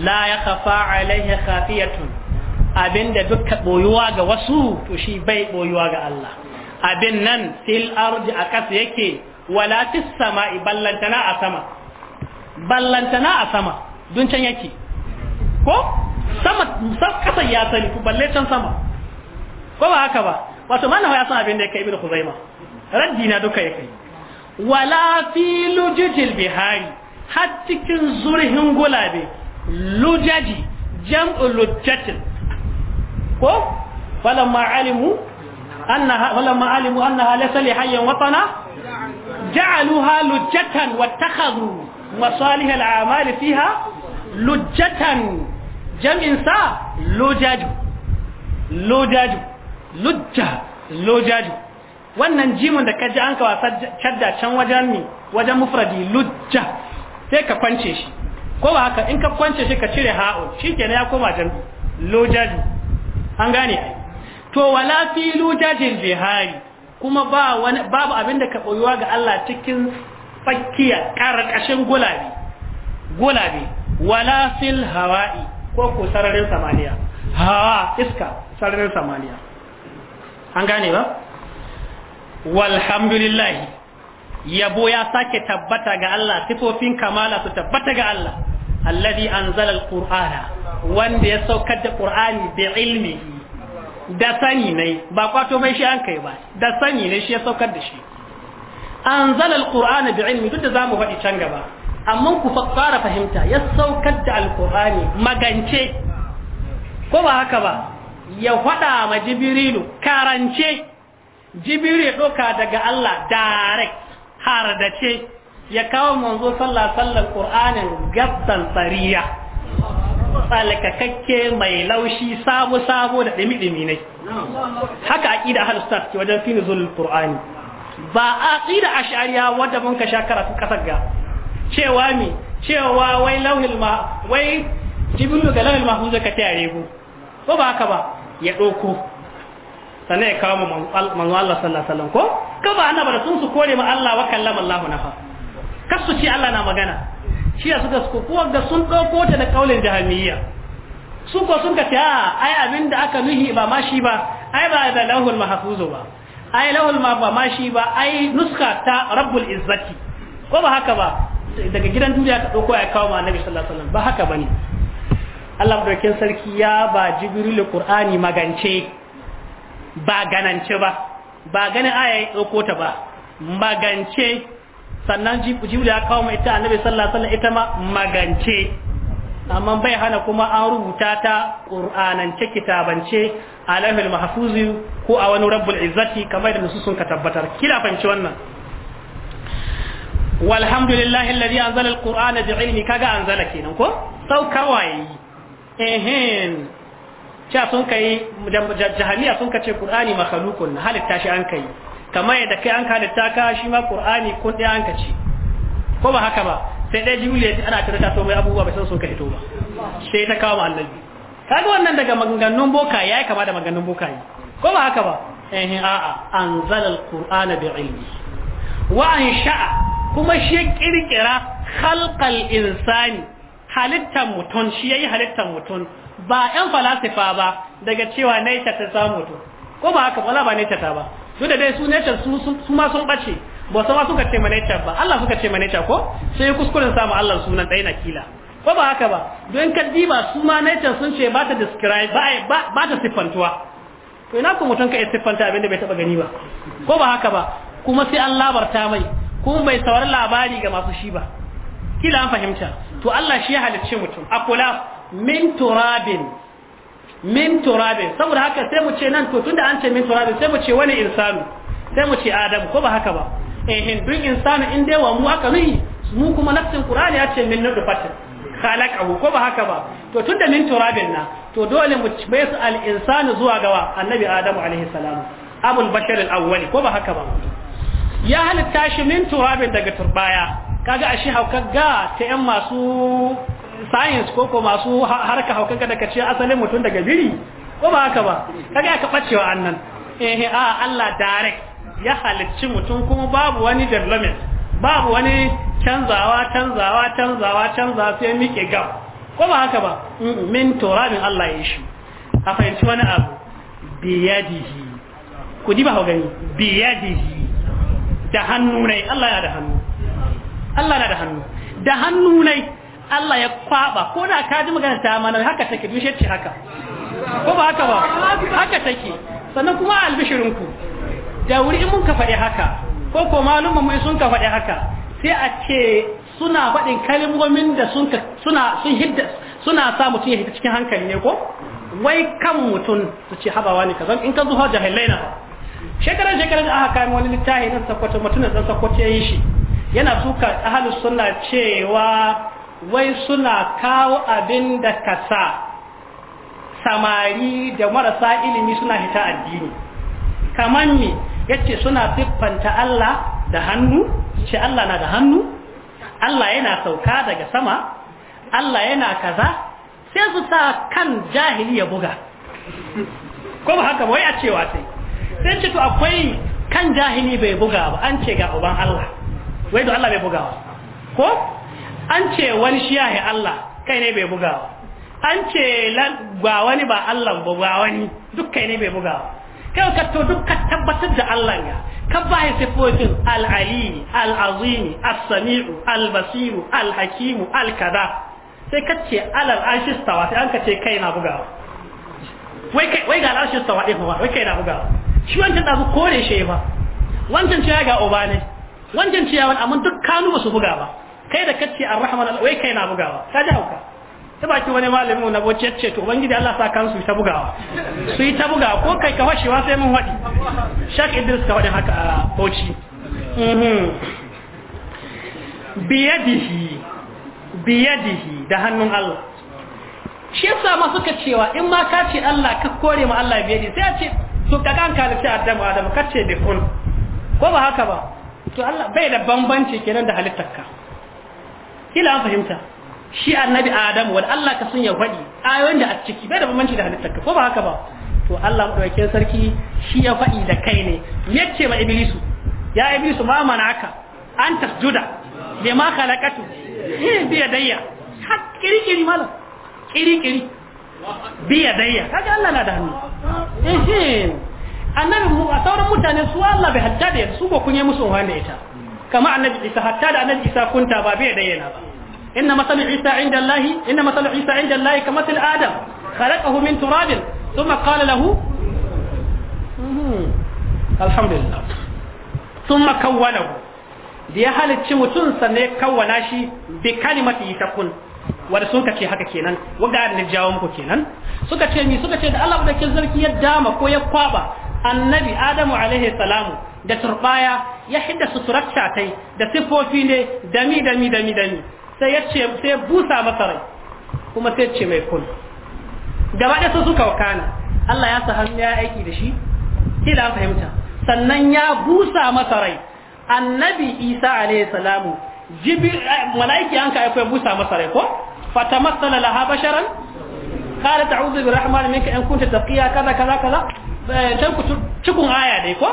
la ya khafa alaihi khafiyatun abinda dukka boyuwa ga wasu to shi bai boyuwa ga Allah abin nan fil ardi akas yake wala tis sama'i ballantana a sama ballantana a sama dun can yake ko sama kasa ya sani ku balle can sama ko ba haka ba wato malaha ya san abin da ya kai ibnu khuzaima raddi na duka ya kai wala fi lujijil bihari har cikin zurhin gulabe lujaji jam'u lujatin ko ma alimu anna annaha ma alimu anna laysa li hayyan watana ja'aluha lujatan wattakhadhu masalih al'amali fiha lujatan jam'in sa lujaju lujaju lujja lojaju wannan jimin da kaji an kawa cadda can wajen mi wajen mufradi lujja sai ka kwance shi ko ba haka in ka kwance shi ka cire ke na ya koma jan lojaju an gane ai to wala fi lojajin jihari kuma ba wani babu abin da ka boyuwa ga Allah cikin fakkiya karkashin gulabi gulabi wala fil hawa'i ko ko sararin samaniya hawa iska sararin samaniya an gane ba walhamdulillah yabo ya sake tabbata ga Allah sifofin kamala su tabbata ga Allah alladhi anzala alqur'ana wanda ya saukar da qur'ani bi ilmi da sani ne ba kwato mai shi an kai ba da sani ne shi ya saukar da shi anzala alqur'ana da ilmi duk da zamu faɗi can gaba amma ku fara fahimta ya saukar da alqur'ani magance ko ba haka ba ya faɗa ma Jibirilu karance jibiri ya ɗauka daga Allah direct har da ce ya kawo manzo sallah sallar qur'anin gassan tsariya tsalkakakke mai laushi sabo sabo da ɗimi-ɗimi ne haka aqida ahlus sunna ke wajen finzul ƙur'ani ba a a shari'a wadda mun ka shakara su ƙasar ga cewa mi cewa wai lauhil ma wai jibrilu ga lauhil mahfuz ka tare ku ko ba haka ba ya ɗauko sannan ya kawo manzo Allah sallallahu alaihi ko ka ba annaba da sun su kore ma Allah wa kallama Allah nafa Allah na magana shi ya suka su ko ga sun ɗauko ta da kaulin jahanniyya su ko sun ka ah, ai abin da aka nuhi ba ma ba ai ba da lahul mahfuzu ba ai lahul ma ba ba ai nuska ta rabbul izzati ko ba haka ba daga gidan duniya ka ɗauko ya kawo ma annabi sallallahu alaihi ba haka bane Allah madaukakin sarki ya ba jibrilu qur'ani magance ba ganance ba ba ganin aya ya ta ba magance sannan jibrilu ya kawo mai ita annabi sallallahu alaihi wasallam ita ma magance amma bai hana kuma an rubuta ta ƙur'anance kitabance a mahfuz mahfuzi ko a wani rabbul izzati kamar da musu sun ka tabbatar kila fanci wannan walhamdulillahi alladhi anzala alqur'ana da ilmi kaga anzala kenan ko saukar waye. ehin a sun kai jahamiya sun kace qur'ani na halitta shi an kai kamar yadda kai an halitta ka shi ma qur'ani kun dai an kace ko ba haka ba sai dai jibril ana tarata to mai abubuwa bai san sun ka hito ba sai ta kawo annabi kaga wannan daga maganganun boka yayi kama da maganganun boka yi ko ba haka ba eh a'a anzala alqur'ana bi ilmi wa ansha'a kuma shi kirkira khalqal insani halittar mutum shi ya yi halittar mutum ba yan falasifa ba daga cewa nature ta samu mutum ko ba haka wala ba nature ta ba duk da dai su nature su su ma sun bace ba su ma suka ce nature ba Allah suka ce nature ko sai kuskuren samu Allah sunan ɗaya na kila ko ba haka ba don ka diba su ma nature sun ce ba ta describe ba ta siffantuwa to ina ku mutum ka yi siffanta abinda bai taba gani ba ko ba haka ba kuma sai an labarta mai kuma bai saurari labari ga masu shi ba kila an fahimta to Allah shi ya halicce mutum akula min turabin min turabin saboda haka sai mu ce nan to tunda an ce min turabin sai mu ce wani insanu sai mu ce adam ko ba haka ba eh hindun insanu in dai wa mu aka nuhi mu kuma nafsin qur'ani ya ce min nutfatin khalaqahu ko ba haka ba to tunda min turabin na to dole mu bai su al insanu zuwa gawa annabi adam alaihi salam abul bashar al awwali ko ba haka ba ya halitta shi min turabin daga turbaya kaga ashe haukagga ta yan masu science ko ko masu harka haukagga da kace asalin mutum daga biri ko ba haka ba kaga aka bacewa annan eh a Allah direct ya halicci mutum kuma babu wani development babu wani canzawa canzawa canzawa canzawa sai mike ga ko ba haka ba min turabin Allah ya shi a fahimci wani abu biyadihi ku diba hau gani biyadihi da hannu ne Allah ya da hannu Allah na da hannu da hannu ne Allah ya kwaba ko da ka ji magana ta mana haka take dushe ce haka ko ba haka ba haka take sannan kuma albishirin ku da wuri in mun ka faɗi haka ko ko malumman mai sun ka faɗi haka sai a ce suna faɗin kalmomin da sun suna sun hidda suna sa mutum ya hita cikin hankali ne ko wai kan mutum su ce haba ne kazan in ka zuwa jahilaina shekaran shekarar da aka kai wani littafi na sakwato mutum da sakwato ya yi shi yana suka ahalus suna cewa wai suna kawo abin da kasa samari da marasa ilimi suna hita addini kamar ne yace suna siffanta Allah da hannu ce Allah na da hannu Allah yana sauka daga sama Allah yana kaza sai su sa kan jahili ya buga ko ba haka wai a cewa sai sai ce to akwai kan jahili bai buga ba an ce ga uban Allah wai da Allah bai bugawa ko an ce wani shi ya Allah kai ne bai bugawa an ce ba wani ba Allah ba ba wani duk kai ne bai bugawa kai ka to duk ka tabbatar da Allah ya ka ba ya sifofin al-ali al-azim as-sami'u al-basir al-hakim al-kaza sai ka ce alal arshis tawa sai an ka ce kai na bugawa wai kai wai ga alal arshis tawa din wai kai na bugawa shi wancan da kore shi ba wancan ce ga oba ne wancan ciyawan amma duk kanu ba su buga ba kai da kacce arrahman wai kai na bugawa ta ji hauka ta baki wani malamin na bocci ce to ubangiji Allah sa kansu ta bugawa su yi ta bugawa ko kai ka fashewa sai mun wadi shak idris ka wadin haka a bocci mhm. biyadihi biyadihi da hannun Allah shi yasa ma suka cewa in ma ka ce Allah ka kore ma Allah biyadi sai a ce to kakan ka da sai Adamu Adamu kace bi kun ko ba haka ba to Allah bai da bambanci kenan da halittarka kila an fahimta shi annabi adam wanda Allah ka sun ya faɗi ayoyin da a ciki bai da bambanci da halittarka ko ba haka ba to Allah madaukakin sarki shi ya faɗi da kai ne yace ma iblisu ya iblisu ma manaka an tasjuda ma khalaqatu bi yadayya har kirkiri malam kiri bi yadayya kaga Allah na da hannu annabi mu a sauran mutane su Allah bai hatta da su ba kun yi musu da ita kama annabi Isa hatta da annabi Isa kunta ba bai dayyana ba inna masalu Isa inda Allah inna masalu Isa inda Allah kama til Adam khalaqahu min turab thumma qala lahu hmm, alhamdulillah thumma kawwalahu da ya halicci mutum sanne kawwana shi bi kalimati takun wanda sun kace haka kenan wanda da jawon muku kenan suka ce mi suka ce da Allah da ke zarki ya dama ko ya kwaba annabi adamu alaihi salamu da turbaya ya hidda suturarta tai da sifofi ne dami dami dami dami sai ya ce sai busa masa rai kuma sai ce mai kun gaba da su suka wakana Allah ya sa hannu ya aiki da shi kila fahimta sannan ya busa masa rai annabi isa alaihi salamu jibi eh, malaiki an kai aiko ya busa masa rai ko fatamassala laha basharan قالت أعوذ بالرحمن منك إن كنت تقيا كذا كذا كذا Eh, tarku cikin aya dai ko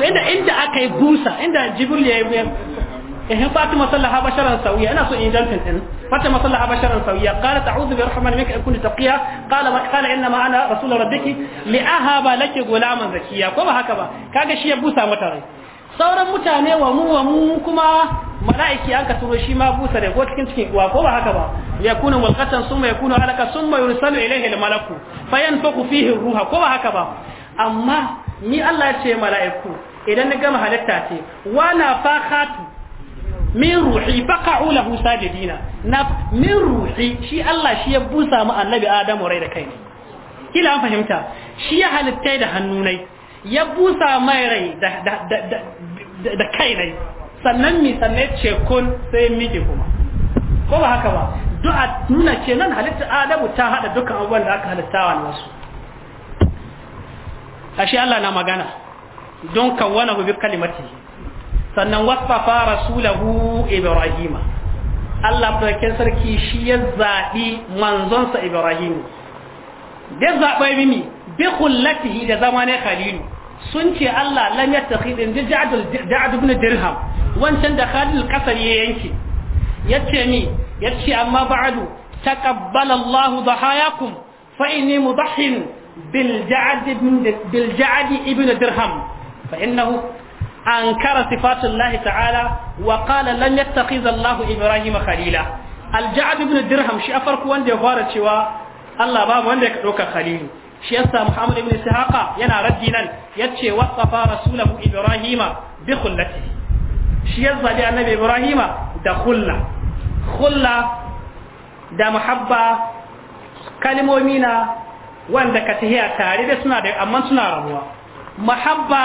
inda aka yi busa inda ya yi ehin ina so in jamfin din fatima sallaha basharan sawiya qala ta'udhu bi rabbiki li gulaman zakiya ko ba haka ba kaga shi ya busa mata rai sauran mutane wa mu wa mu kuma mala'iki an ka turo shi ma busa da ko cikin cikin uwa ko ba haka ba ya kuna walqatan summa yakunu alaka summa yursalu ilayhi almalaku fayanfaku fihi ruha ko ba haka ba amma ni Allah ya ce mala'iku idan na gama halitta ce wana fakhatu min ruhi faqa'u lahu sajidina na min ruhi shi Allah shi ya busa mu annabi Adamu rai da kai kila an fahimta shi ya halitta da hannunai ya busa mai rai da da da da kai nai sannan mi sannan ce kun sai miƙe kuma ko ba haka ba duk a nuna kenan halitta adamu ta hada dukkan abubuwan da aka halittawa na wasu ashe Allah na magana don kawwana bi kalimati sannan wasfafa rasulahu Ibrahim, Allah barkin sarki shi ya zabi manzonsa ibrahim da zabai mini bi khullatihi da zamanin khalilu sun ce Allah lam yattakhid in ja'dul ja'd ibn dirham wancan da Khalid al-Qasar ya yanke yace ni yace amma ba'adu taqabbala Allah dhahayakum fa inni mudahhin bil ja'd ibn bil ja'd ibn dirham fa innahu ankara sifatu Allah ta'ala wa qala lam yattakhid Allah Ibrahim khalila al ja'd ibn dirham shi afarku wanda ya fara cewa Allah babu wanda ya dauka khalilu shi yasa Muhammad ibn Ishaqa yana raddi nan yace wasafa rasulahu Ibrahima bi khullati shi yasa da annabi Ibrahima da khulla khulla da muhabba kalmomi na wanda ka tahiya tare da suna da amma suna rabuwa muhabba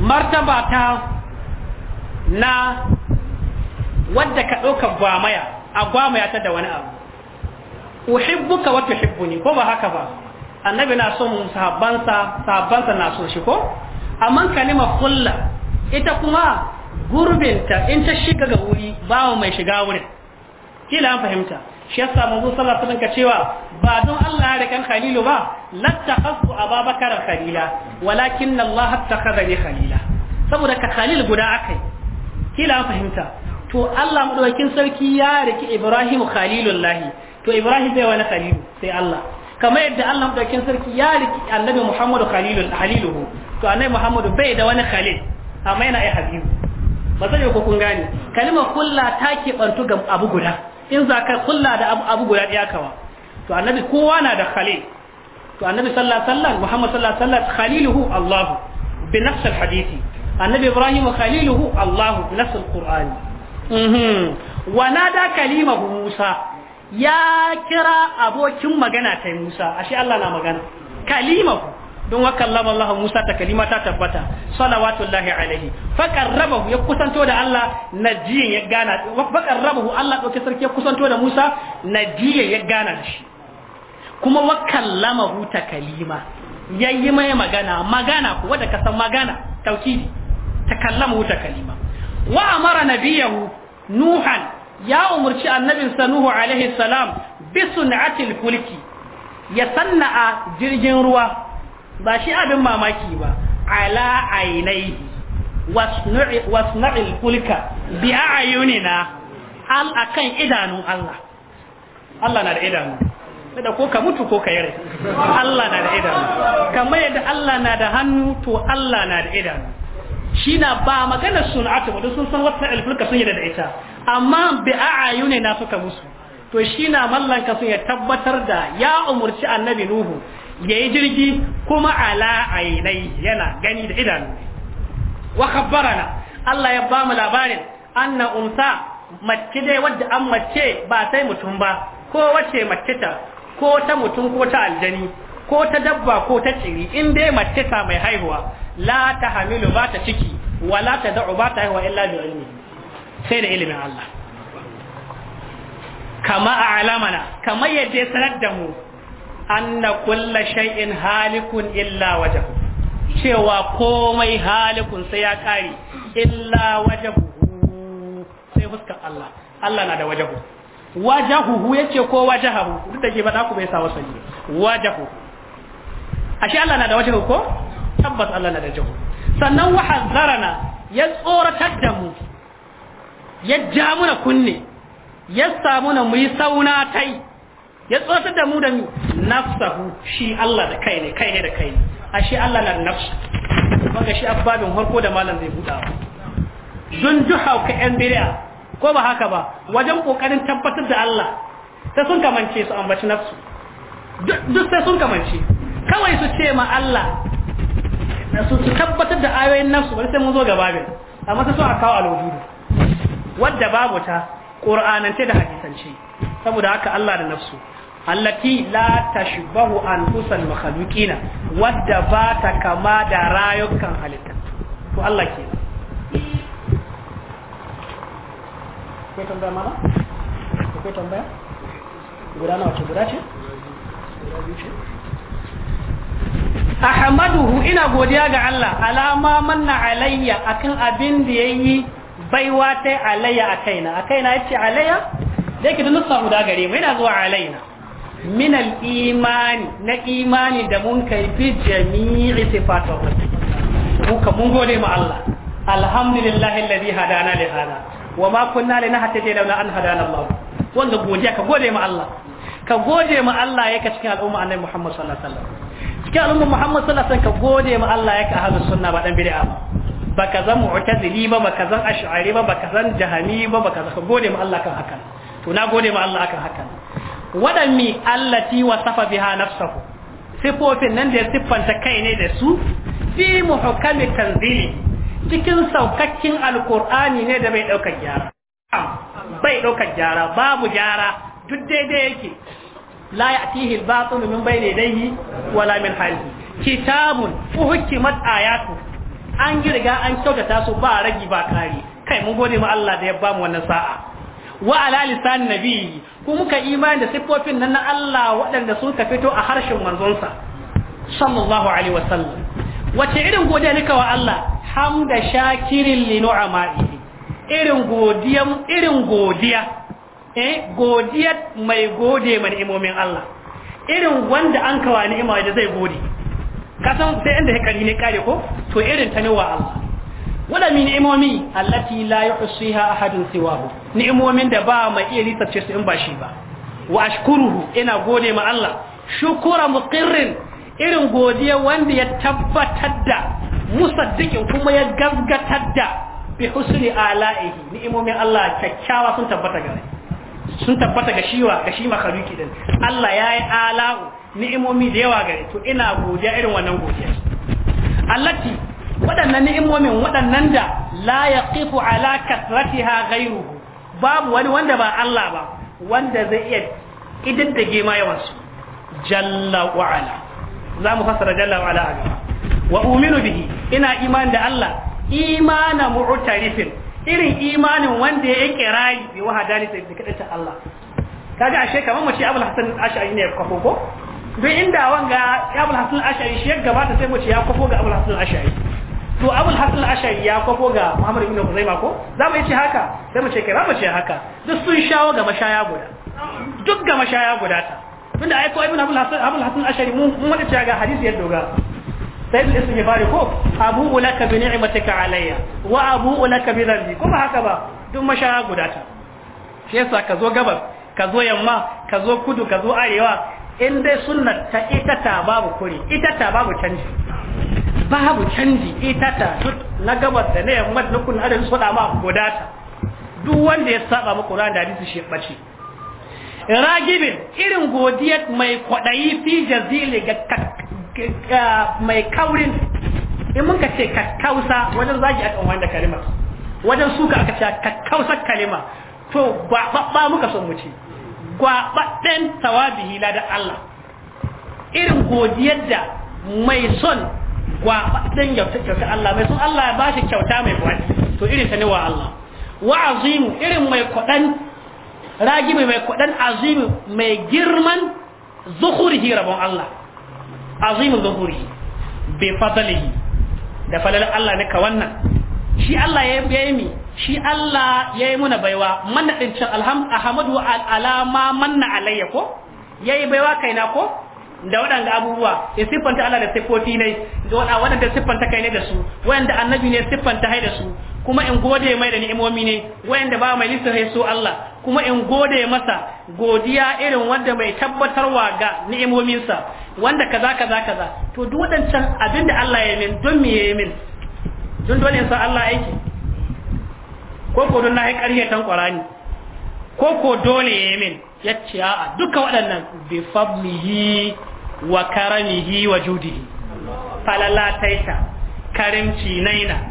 martaba ta na wadda ka ɗauka gwamaya a gwamaya ta da wani abu uhibbuka wa tuhibbuni ko ba haka ba annabi na son sahabbansa sahabbansa na son shi ko amma kalima kulla ita kuma gurbinta in ta shiga ga wuri babu mai shiga wurin kila an fahimta shi samu manzo sallar alaihi wasallam cewa ba don Allah ya rikan khalilu ba a ababakar khalila walakin Allah ne khalila saboda ka khalil guda akai kila an fahimta to Allah madaukakin sarki ya riki Ibrahim khalilullahi to ibrahim bai wani khalilu sai allah kamar yadda allah madaukin sarki ya riki annabi muhammadu Khalilu haliluhu to annabi muhammadu bai da wani khalil amma yana ai habibu ba sai ko kun gane kalimar kulla ta ke bantu ga abu guda in za ka kulla da abu guda ya kawa to annabi kowa na da khalil to annabi sallallahu alaihi wasallam muhammad sallallahu alaihi wasallam khaliluhu allah bi nafs al hadisi annabi ibrahim khaliluhu allah bi nafs al qur'ani mhm wa nada kalimahu musa ya kira abokin magana ta Musa ashe Allah na magana kalima ku don wa kallama Allah Musa ta kalima ta tabbata salawatullahi alaihi fa qarrabahu ya kusanto da Allah na najiyin ya gana fa qarrabahu Allah dauke sarki ya kusanto da Musa na najiyin ya gana da shi kuma wa kallamahu ta kalima yayi mai magana magana kuwa da kasan magana taukidi ta kallamahu ta kalima wa amara nabiyahu nuhan ya umurci annabin sanuhu alaihi salam bi sun'atil fulki ya sanna'a jirgin ruwa ba shi abin mamaki ba ala ainaihi wasna'il fulka bi a'yunina al akan idanu Allah Allah na da idanu da ko ka mutu ko ka yare Allah na da idanu kamar yadda Allah na da hannu to Allah na da idanu shi na ba magana sun'atu ba sun san wata kulka sun yi da ita amma bi a'ayune na suka musu to shi na mallanka sun ya tabbatar da ya umarci annabi nuhu ya yi jirgi kuma ala ainai yana gani da idanu wa khabbarana Allah ya bamu labarin anna unsa mace dai wadda an mace ba sai mutum ba ko wace mace ta ko ta mutum ko ta aljani ko ta dabba ko ta tsiri in dai mace ta mai haihuwa la ta hamilu ba ta ciki wala ta da'u ba ta haihuwa illa bi ilmihi sai da ilimin Allah kama a alamana kama yadda ya sanar da mu an na kulla shay'in halikun illa wajhu cewa komai halikun sai ya kari illa wajhu sai fuskar Allah Allah na da wajhu wajahuhu ce ko wajahu duk da ke ba ku bai sa wasu wasali wajahu ashe Allah na da wajahu ko tabbas Allah na da jihu sannan wa hazzarana ya tsoratar da mu ya ja muna kunne ya samu na muyi sauna tai ya tsotar da mu da mu nafsahu shi Allah da kai ne kai ne da kai ne a shi Allah na nafsu baka shi abbabin harko da malam zai buɗa don duha ka yan bid'a ko ba haka ba wajen kokarin tabbatar da Allah sai sun kamance su ambaci nafsu duk sai sun kamance kawai su ce ma Allah su tabbatar da ayoyin nafsu bari sai mun zo gababin amma sai su a kawo alwujudu wadda babu ta qur'anance da hadisance saboda haka Allah da nafsu allati la tashbahu anfusal makhluqina wadda ba ta kama da rayukan halitta to Allah ke akwai tambaya mana akwai tambaya guda nawa ce guda ce ahmaduhu ina godiya ga Allah alama manna alayya akan abin da yayi baiwa ta alayya a kaina a kaina yace alayya da yake duk guda gare mu yana zuwa alaina min al-imani na imani da mun kai fi jami'i sifatu muka mun gode ma Allah alhamdulillah alladhi hadana li hada wa ma kunna linahtadiya laula an hadana Allah wanda gode ka gode ma Allah ka gode ma Allah yake cikin al'umma annabi Muhammad sallallahu alaihi wasallam cikin al'umma Muhammad sallallahu alaihi wasallam ka gode ma Allah yake ahlus sunna ba dan bid'a ba baka zan mu'tazili ba baka zan ash'ari ba baka zan jahami ba baka zaka gode ma Allah kan hakan to na gode ma Allah kan hakan wadanni allati wasafa biha nafsuhu sifofin nan da ya siffanta kai ne da su fi muhkami tanzili cikin saukakkin alqur'ani ne da bai daukar gyara bai daukar gyara babu gyara duk daidai yake la ya'tihi al-batil min bayni yadayhi wala min halihi kitabun uhkimat ayatuhu an yi riga an kyautata su ba ragi ba kari kai mun gode ma Allah da ya ba mu wannan sa'a wa ala lisan nabi ku muka imani da sifofin nan na Allah waɗanda suka fito a harshen manzonsa sallallahu alaihi wasallam wace irin godiya nika wa Allah hamda shakirin li nu'ama'ihi irin godiya irin godiya eh godiyar mai gode mai imomin Allah irin wanda an kawa ni'ima da zai gode ka san sai inda hikari ne kare ko to irin ta ne wa Allah wala min ni'imomi allati la yuhsiha ahadun siwahu ni'imomin da ba mai iya lissafce su in ba shi ba wa ashkuruhu ina gode ma Allah shukura muqirrin irin godiya wanda ya tabbatar da musaddiqin kuma ya gazgatar da bi husni ala'ihi ni'imomin Allah kyakkyawa sun tabbata gare sun tabbata ga shiwa ga shi makaruki din Allah ya yi alahu ni'imomi da yawa gare to ina godiya irin wannan godiya allati waɗannan ni'imomin waɗannan da la yaqifu ala kasratiha ghayruhu babu wani wanda ba Allah ba wanda zai iya ididdige ma yawansu jalla wa ala za mu fassara jalla wa ala a gaba wa uminu bihi ina iman da Allah imana mu'tarifin irin imanin wanda ya yi kirayi bi wahadani sai da kadai Allah kaga ashe kamar mu ce Abul Hasan al-Ash'ari ne ya kafo ko don inda wanga Abul Hasan al-Ash'ari shi ya gabata sai mu ce ya kafo ga Abul Hasan al-Ash'ari to Abul Hasan al-Ash'ari ya kafo ga Muhammad ibn Khuzaimah ko za mu ce haka sai mu ce kai za mu ce haka duk sun shawo ga mashaya guda duk ga mashaya guda ta tunda ai ko Ibn Abul Hasan Abul Hasan al-Ash'ari mun mun da ga hadisi ya dogara sai da sun ya ko abu ulaka bi ni'matika alayya wa abu ulaka bi dhanbi kuma haka ba duk mashaya guda ta shi yasa ka zo gabas ka zo yamma ka zo kudu ka zo arewa in dai sunnar ta ita ta babu kuri ita ta babu canji babu canji ita ta duk na gabas da na yamma da kun adadin su ma guda ta duk wanda ya saba mu qur'ani da hadisi shi bace ragibin irin godiyar mai kwaɗayi fi jazili ga mai kaurin in mun ka ce kakkausa wajen zagi akan wanda kalima wajen suka aka ce kakkausa kalima to gwaɓaɓɓa muka son mu ce gwaɓaɓɓen tawabihi la da Allah irin godiyar da mai son gwaɓaɓɓen yauta kyauta Allah mai son Allah ya bashi kyauta mai gwaɗi to irin ta ne wa Allah wa azimu irin mai kwaɗan ragi mai kwaɗan azimu mai girman hira rabon Allah azimu zuhuri bi fadlihi da falal Allah ne ka wannan shi Allah ya yi mi shi Allah ya yi muna baiwa manna din can alhamdu alama manna alayya ko yayi baiwa kaina ko da waɗanda abubuwa ya siffanta Allah da siffoti ne da waɗanda siffanta kai ne da su waɗanda annabi ne siffanta hai da su kuma in gode mai da ni'imomi ne waɗanda ba mai lissa hai su Allah kuma in gode masa godiya irin wanda mai tabbatarwa ga ni'imominsa wanda kaza kaza kaza to duk wadancan abinda Allah ya min don me ya min don dole sa Allah aiki ko ko don nayi ƙarya tan Qur'ani ko ko dole ya min yace a duka waɗannan bi fadlihi wa karamihi wa judihi falala taita karimci naina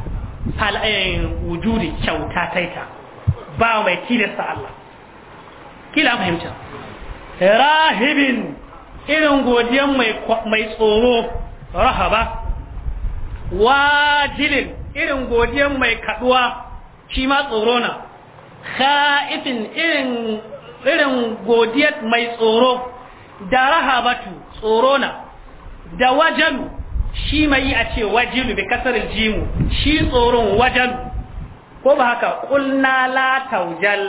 falayin eh, wujudi kyauta taita ba mai tilasta Allah kila fahimta rahibin irin godiyan mai tsoro rahaba wajilin irin godiyan mai kaduwa shi ma tsoro na kha'ifin irin irin godiyar mai tsoro da rahabatu tsoro na da wajalu shi mai a ce wajilu bi kasar jimu shi tsoron wajalu ko ba haka kulna la taujal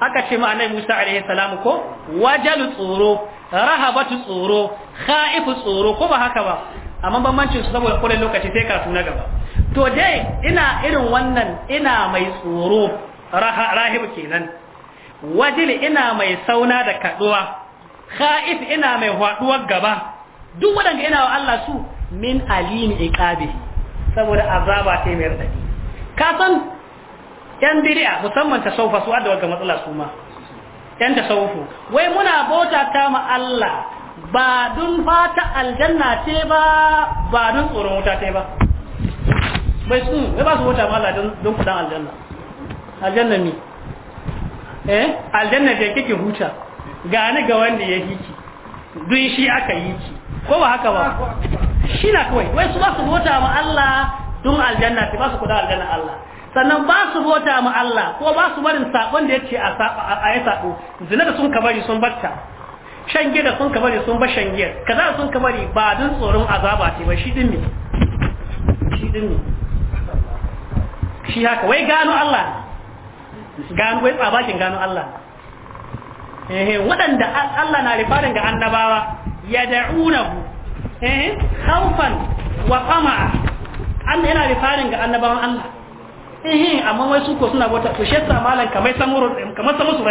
aka ce ma Musa alaihi salamu ko wajalu tsoro rahabatu tsoro khaifu tsoro ko ba haka ba amma bambancin su saboda kullun lokaci sai kasu na gaba to dai ina irin wannan ina mai tsoro rahib kenan wajil ina mai sauna da kaduwa khaif ina mai haduwar gaba duk wadanda ina wa Allah su min alim iqabi saboda azaba ta mai radadi ka san yan bid'a musamman ta tasawfa su adda ga matsala su ma yan tasawufu wai muna bauta ta ma Allah ba dun fata aljanna ce ba ba dun tsoron wuta ce ba bai su bai ba su wuta ma Allah don kudan aljanna aljanna mi eh aljanna ce kike huta ga ni ga wanda ya hiki dun shi aka yi ki ko ba haka ba shi na kawai wai su ba su wuta ma Allah dun aljanna ce ba su kudan aljanna Allah sannan ba su bota ma Allah ko ba su barin sabon da yace a a ya sabo zina da sun kabari sun barta shan da sun kabari sun ba shangiyar kaza sun kabari ba don tsoron azaba ce ba shi din ne shi din ne shi haka wai gano Allah gano wai tsabakin gano Allah eh waɗanda Allah na rifarin ga annabawa ya da'unahu eh khawfan wa qama'a an yana rifarin ga annabawan Allah eh amma wai su ko suna bauta to shi yasa malam kamar samuru kamar samu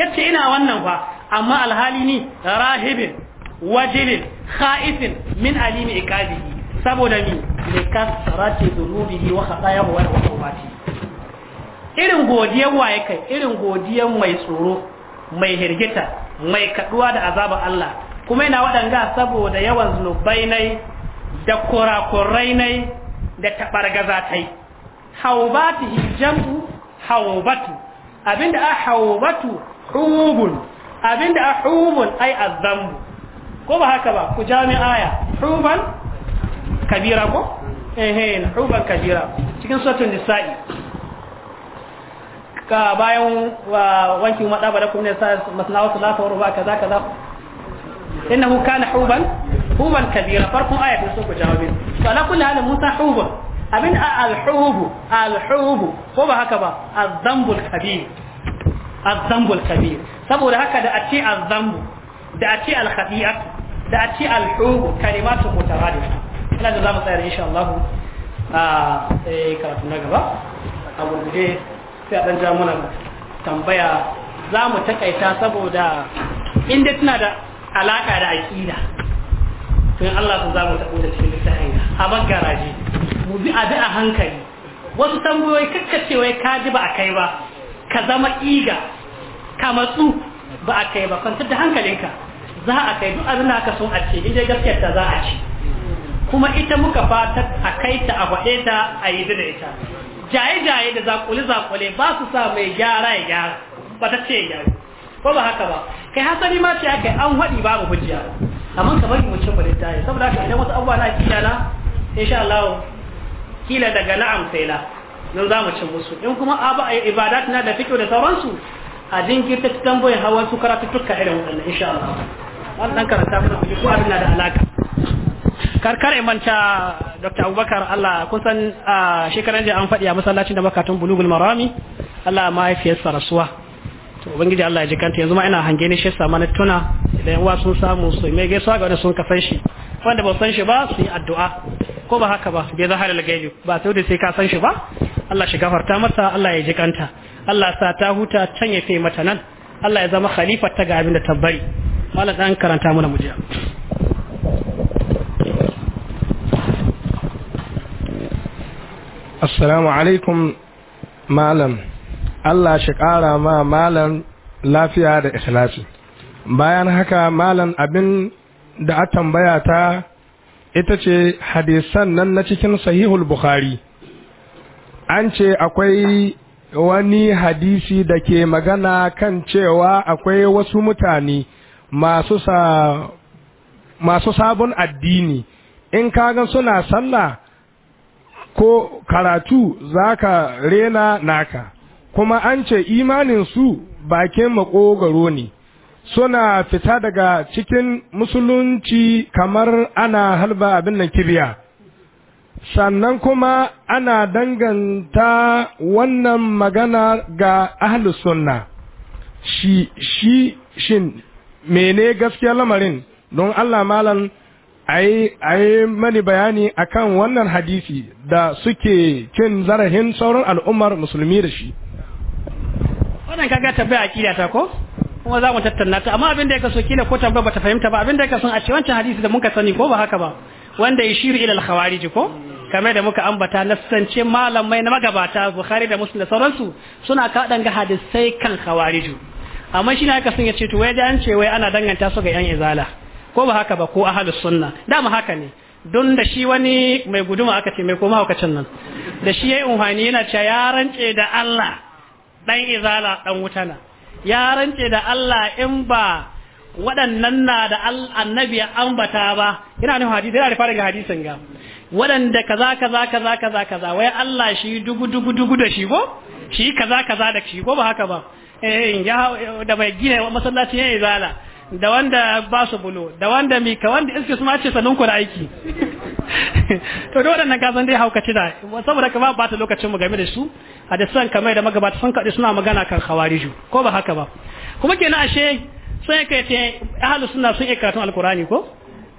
yace ina wannan fa amma alhali ni rahibin wajilin khaifin min alimi iqabihi saboda mi li kasarati dhunubihi wa khataya wa tawbati irin godiyar waye kai irin godiyar mai tsoro mai hirgita mai kaduwa da azaba Allah kuma yana waɗanga saboda yawan zunubai nai da kurakurai nai da tabargaza tai haubatihi jam'u haubatu abinda a haubatu hubun abinda a hubun ai azambu ko ba haka ba ku jami aya huban kabira ko ehe huban kabira cikin suratul nisa'i ka bayan wanki mada ba da kuma ne sa masnawa salata wa ruba kaza kaza innahu kana huban huban kabira farkon aya ayatin su ku jawabi ba na kulli hal musa huban abin a alhubu alhubu ko ba haka ba azambul kabir azambul kabir saboda haka da a ce azambu da a ce alkhabi'at da a ce alhubu kalimatu mutaradif ina da zamu tsaya insha Allah a eh karatu na gaba a gurguje sai a dan ja muna tambaya za mu takaita saboda inda tana da alaka da aqida to in Allah ta za mu tabo da cikin littafin a bagaraji mu bi bi a hankali wasu tambayoyi kakkacewai ka ji ba a kai ba ka zama iga ka matsu ba a kai ba kwantar da hankalinka za a kai duk abin ka so a ce idan gaskiyar ta za a ci kuma ita muka fata a kai ta a faɗe ta a yi da ita jaye-jaye da zakuli zakuli ba su sa mai gyara ya gyara ba ta ce ya ko ba haka ba kai hasari ma ce aka an waɗi babu hujja amma kamar yi mucin ba yi saboda haka idan wasu abubuwa na kiyana insha Allah kila daga na'am sai la don za mu cin musu in kuma ibadat na da fiqh da sauransu a jinkirta tambayin hawan su karatu tukka irin waɗannan insha Allah wannan karanta mana ku ko abin da alaka karkar manta Dr. Abubakar Allah kun san a shekaran da an faɗi a masallacin da makatun bulugul marami Allah mahaifiyarsa rasuwa to ubangiji Allah ya jikanta yanzu ma ina hange ne shi mana tuna idan uwa sun samu su mai gaisuwa ga wanda sun kasan shi wanda ba san shi ba su yi addu'a ko ba haka ba bai zahar al-gaibi ba sai da sai ka san shi ba Allah shi gafarta masa Allah ya ji kanta Allah sa ta huta can ya fi mata nan Allah ya zama khalifar ta ga abin da tabbari wala dan karanta mana mujiya assalamu alaikum malam Allah shi ma malam lafiya da ikhlasi bayan haka malam abin da a tambaya ta ita ce hadisan nan na cikin sahihul bukhari an ce akwai wani hadisi da ke magana kan cewa akwai wasu mutane masu sabon addini in kaga suna sallah ko karatu zaka rena naka kuma an ce imaninsu bakin makogaro ne suna fita daga cikin musulunci kamar ana halba abin nan kibiya sannan kuma ana danganta wannan magana ga ahli sunna shi shi shin mene gaskiya lamarin don Allah malam ai ai mani bayani akan wannan hadisi da suke cin zarahin sauran al'ummar musulmi da shi wannan kaga tabbaya akida ta ko kuma za mu tattauna ta amma abin da yake so kila ko tambaya bata fahimta ba abin da yake son a ce wancan hadisi da muka sani ko ba haka ba wanda ya shiru ilal khawarij ko kamar da muka ambata na sance malamai na magabata bukhari da muslim da sauransu suna ka ga hadisai kan khawarij amma shi ne aka ya yace to wai da an ce wai ana danganta su ga yan izala ko ba haka ba ko ahlus sunna dama haka ne don da shi wani mai guduma aka ce mai koma haukacin nan da shi yayi unhani yana cewa ya rance da Allah dan izala dan wutana ya rance da Allah in ba waɗannan na da annabi ya ambata ba Ina ne hadisi yana da fara ga hadisin ga waɗanda kaza kaza kaza kaza kaza wai Allah shi dugu dugu dugu da shi ko shi kaza kaza da shi ko ba haka ba eh da bai gina masallaci ya izala da wanda ba su bulo da wanda mi ka wanda iske su mace ce sanun ku da aiki to da waɗannan kasan dai haukaci da saboda ka ba ba ta lokacin mu game da su a da san kamar da magabata sun kaɗe suna magana kan khawariju ko ba haka ba kuma kenan ashe sai ka ce ahlus sunna sun karatun alqurani ko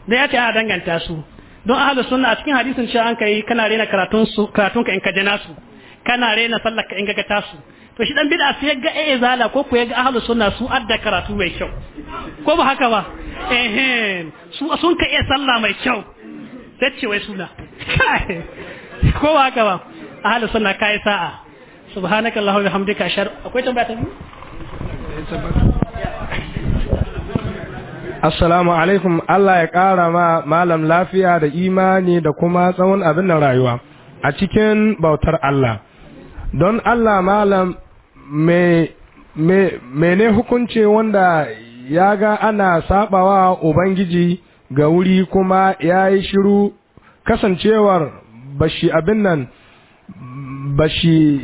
da ya ce a danganta su don ahlus sunna a cikin hadisin cewa an kai kana rena karatun su karatun ka in ka jana su kana rena sallar ka in ga ta su to shi dan bid'a sai ga eh zala ko ku ga ahlus sunna su adda karatu mai kyau ko ba haka ba eh su sun ka iya sallah mai kyau sai ce wai suna ko ba haka ba ahlus sunna kai sa'a wa hamdika ashar akwai tambaya ta Assalamu alaikum Allah ya ƙara ma malam lafiya da imani da kuma tsawon abin da rayuwa a cikin bautar Allah. Don Allah malam me me mene wanda yaga ana sabawa ubangiji ga wuri kuma yayi shiru kasancewar bashi abin nan bashi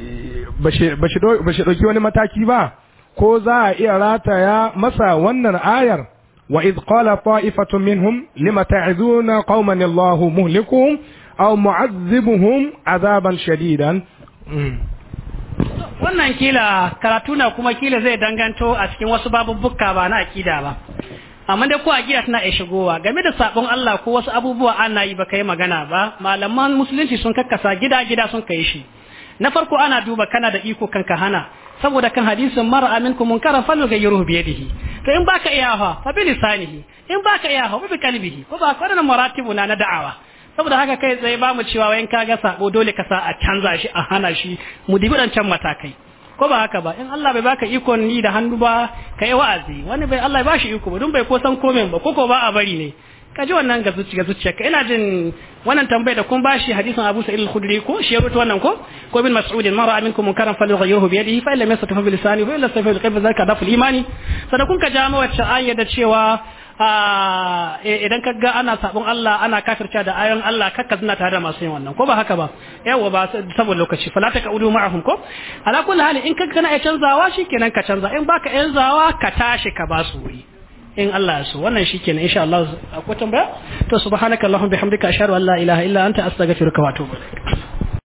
bashi bashi ɗauki wani mataki ba ko za a iya rataya masa wannan ayar wa iz qala ta'ifatu minhum lima ta'izuna qauman Allahu muhlikuhum aw mu'azzibuhum azaban shadidan wannan kila karatu na kuma kila zai danganto a cikin wasu bukka ba na akida ba amma dai ko akida tana iya shigowa game da sabon Allah ko wasu abubuwa ana yi baka yi magana ba malaman musulunci sun kakkasa gida gida sun kai shi na farko ana duba kana da iko ka hana saboda kan hadisin mara aminku munkara falu ga yuruhu biyadihi to in baka iya fa fa bi lisanihi in baka iya fa bi kalbihi ko ba kwanan maratibu na da'awa saboda haka kai tsaye ba mu cewa wayan ka ga sabo dole ka sa a canza shi a hana shi mu dibi dan can matakai ko ba haka ba in Allah bai baka ikon ni da hannu ba ka yi wa'azi wani bai Allah ba shi iko ba dun bai ko san komai ba koko ba a bari ne ka ji wannan ga zuciya zuciyarka ina jin wannan tambayar da kun bashi hadisin Abu Sa'id al-Khudri ko shi yaro wannan ko ko bin Mas'ud man ra'a minkum munkaran falyughayyirhu bi yadihi fa illam yastati bi lisani wa illa sayfa bi qalbi zalika dafu al-imani sadakun ka jama'a wacce ayya cewa Ah, eh, idan ka ga ana sabon Allah ana kafirta da ayon Allah kakka zina tare da masu yin wannan ko ba haka ba yawa ba saboda lokaci la ta kaudu ma'ahum ko ala kulli hali in ka kana ya canzawa shikenan ka canza in baka zawa ka tashi ka ba su wuri in Allah ya so wannan shikenan insha Allah akwai tambaya to allahumma bihamdika ashhadu an la ilaha illa anta astaghfiruka wa atubu ilaik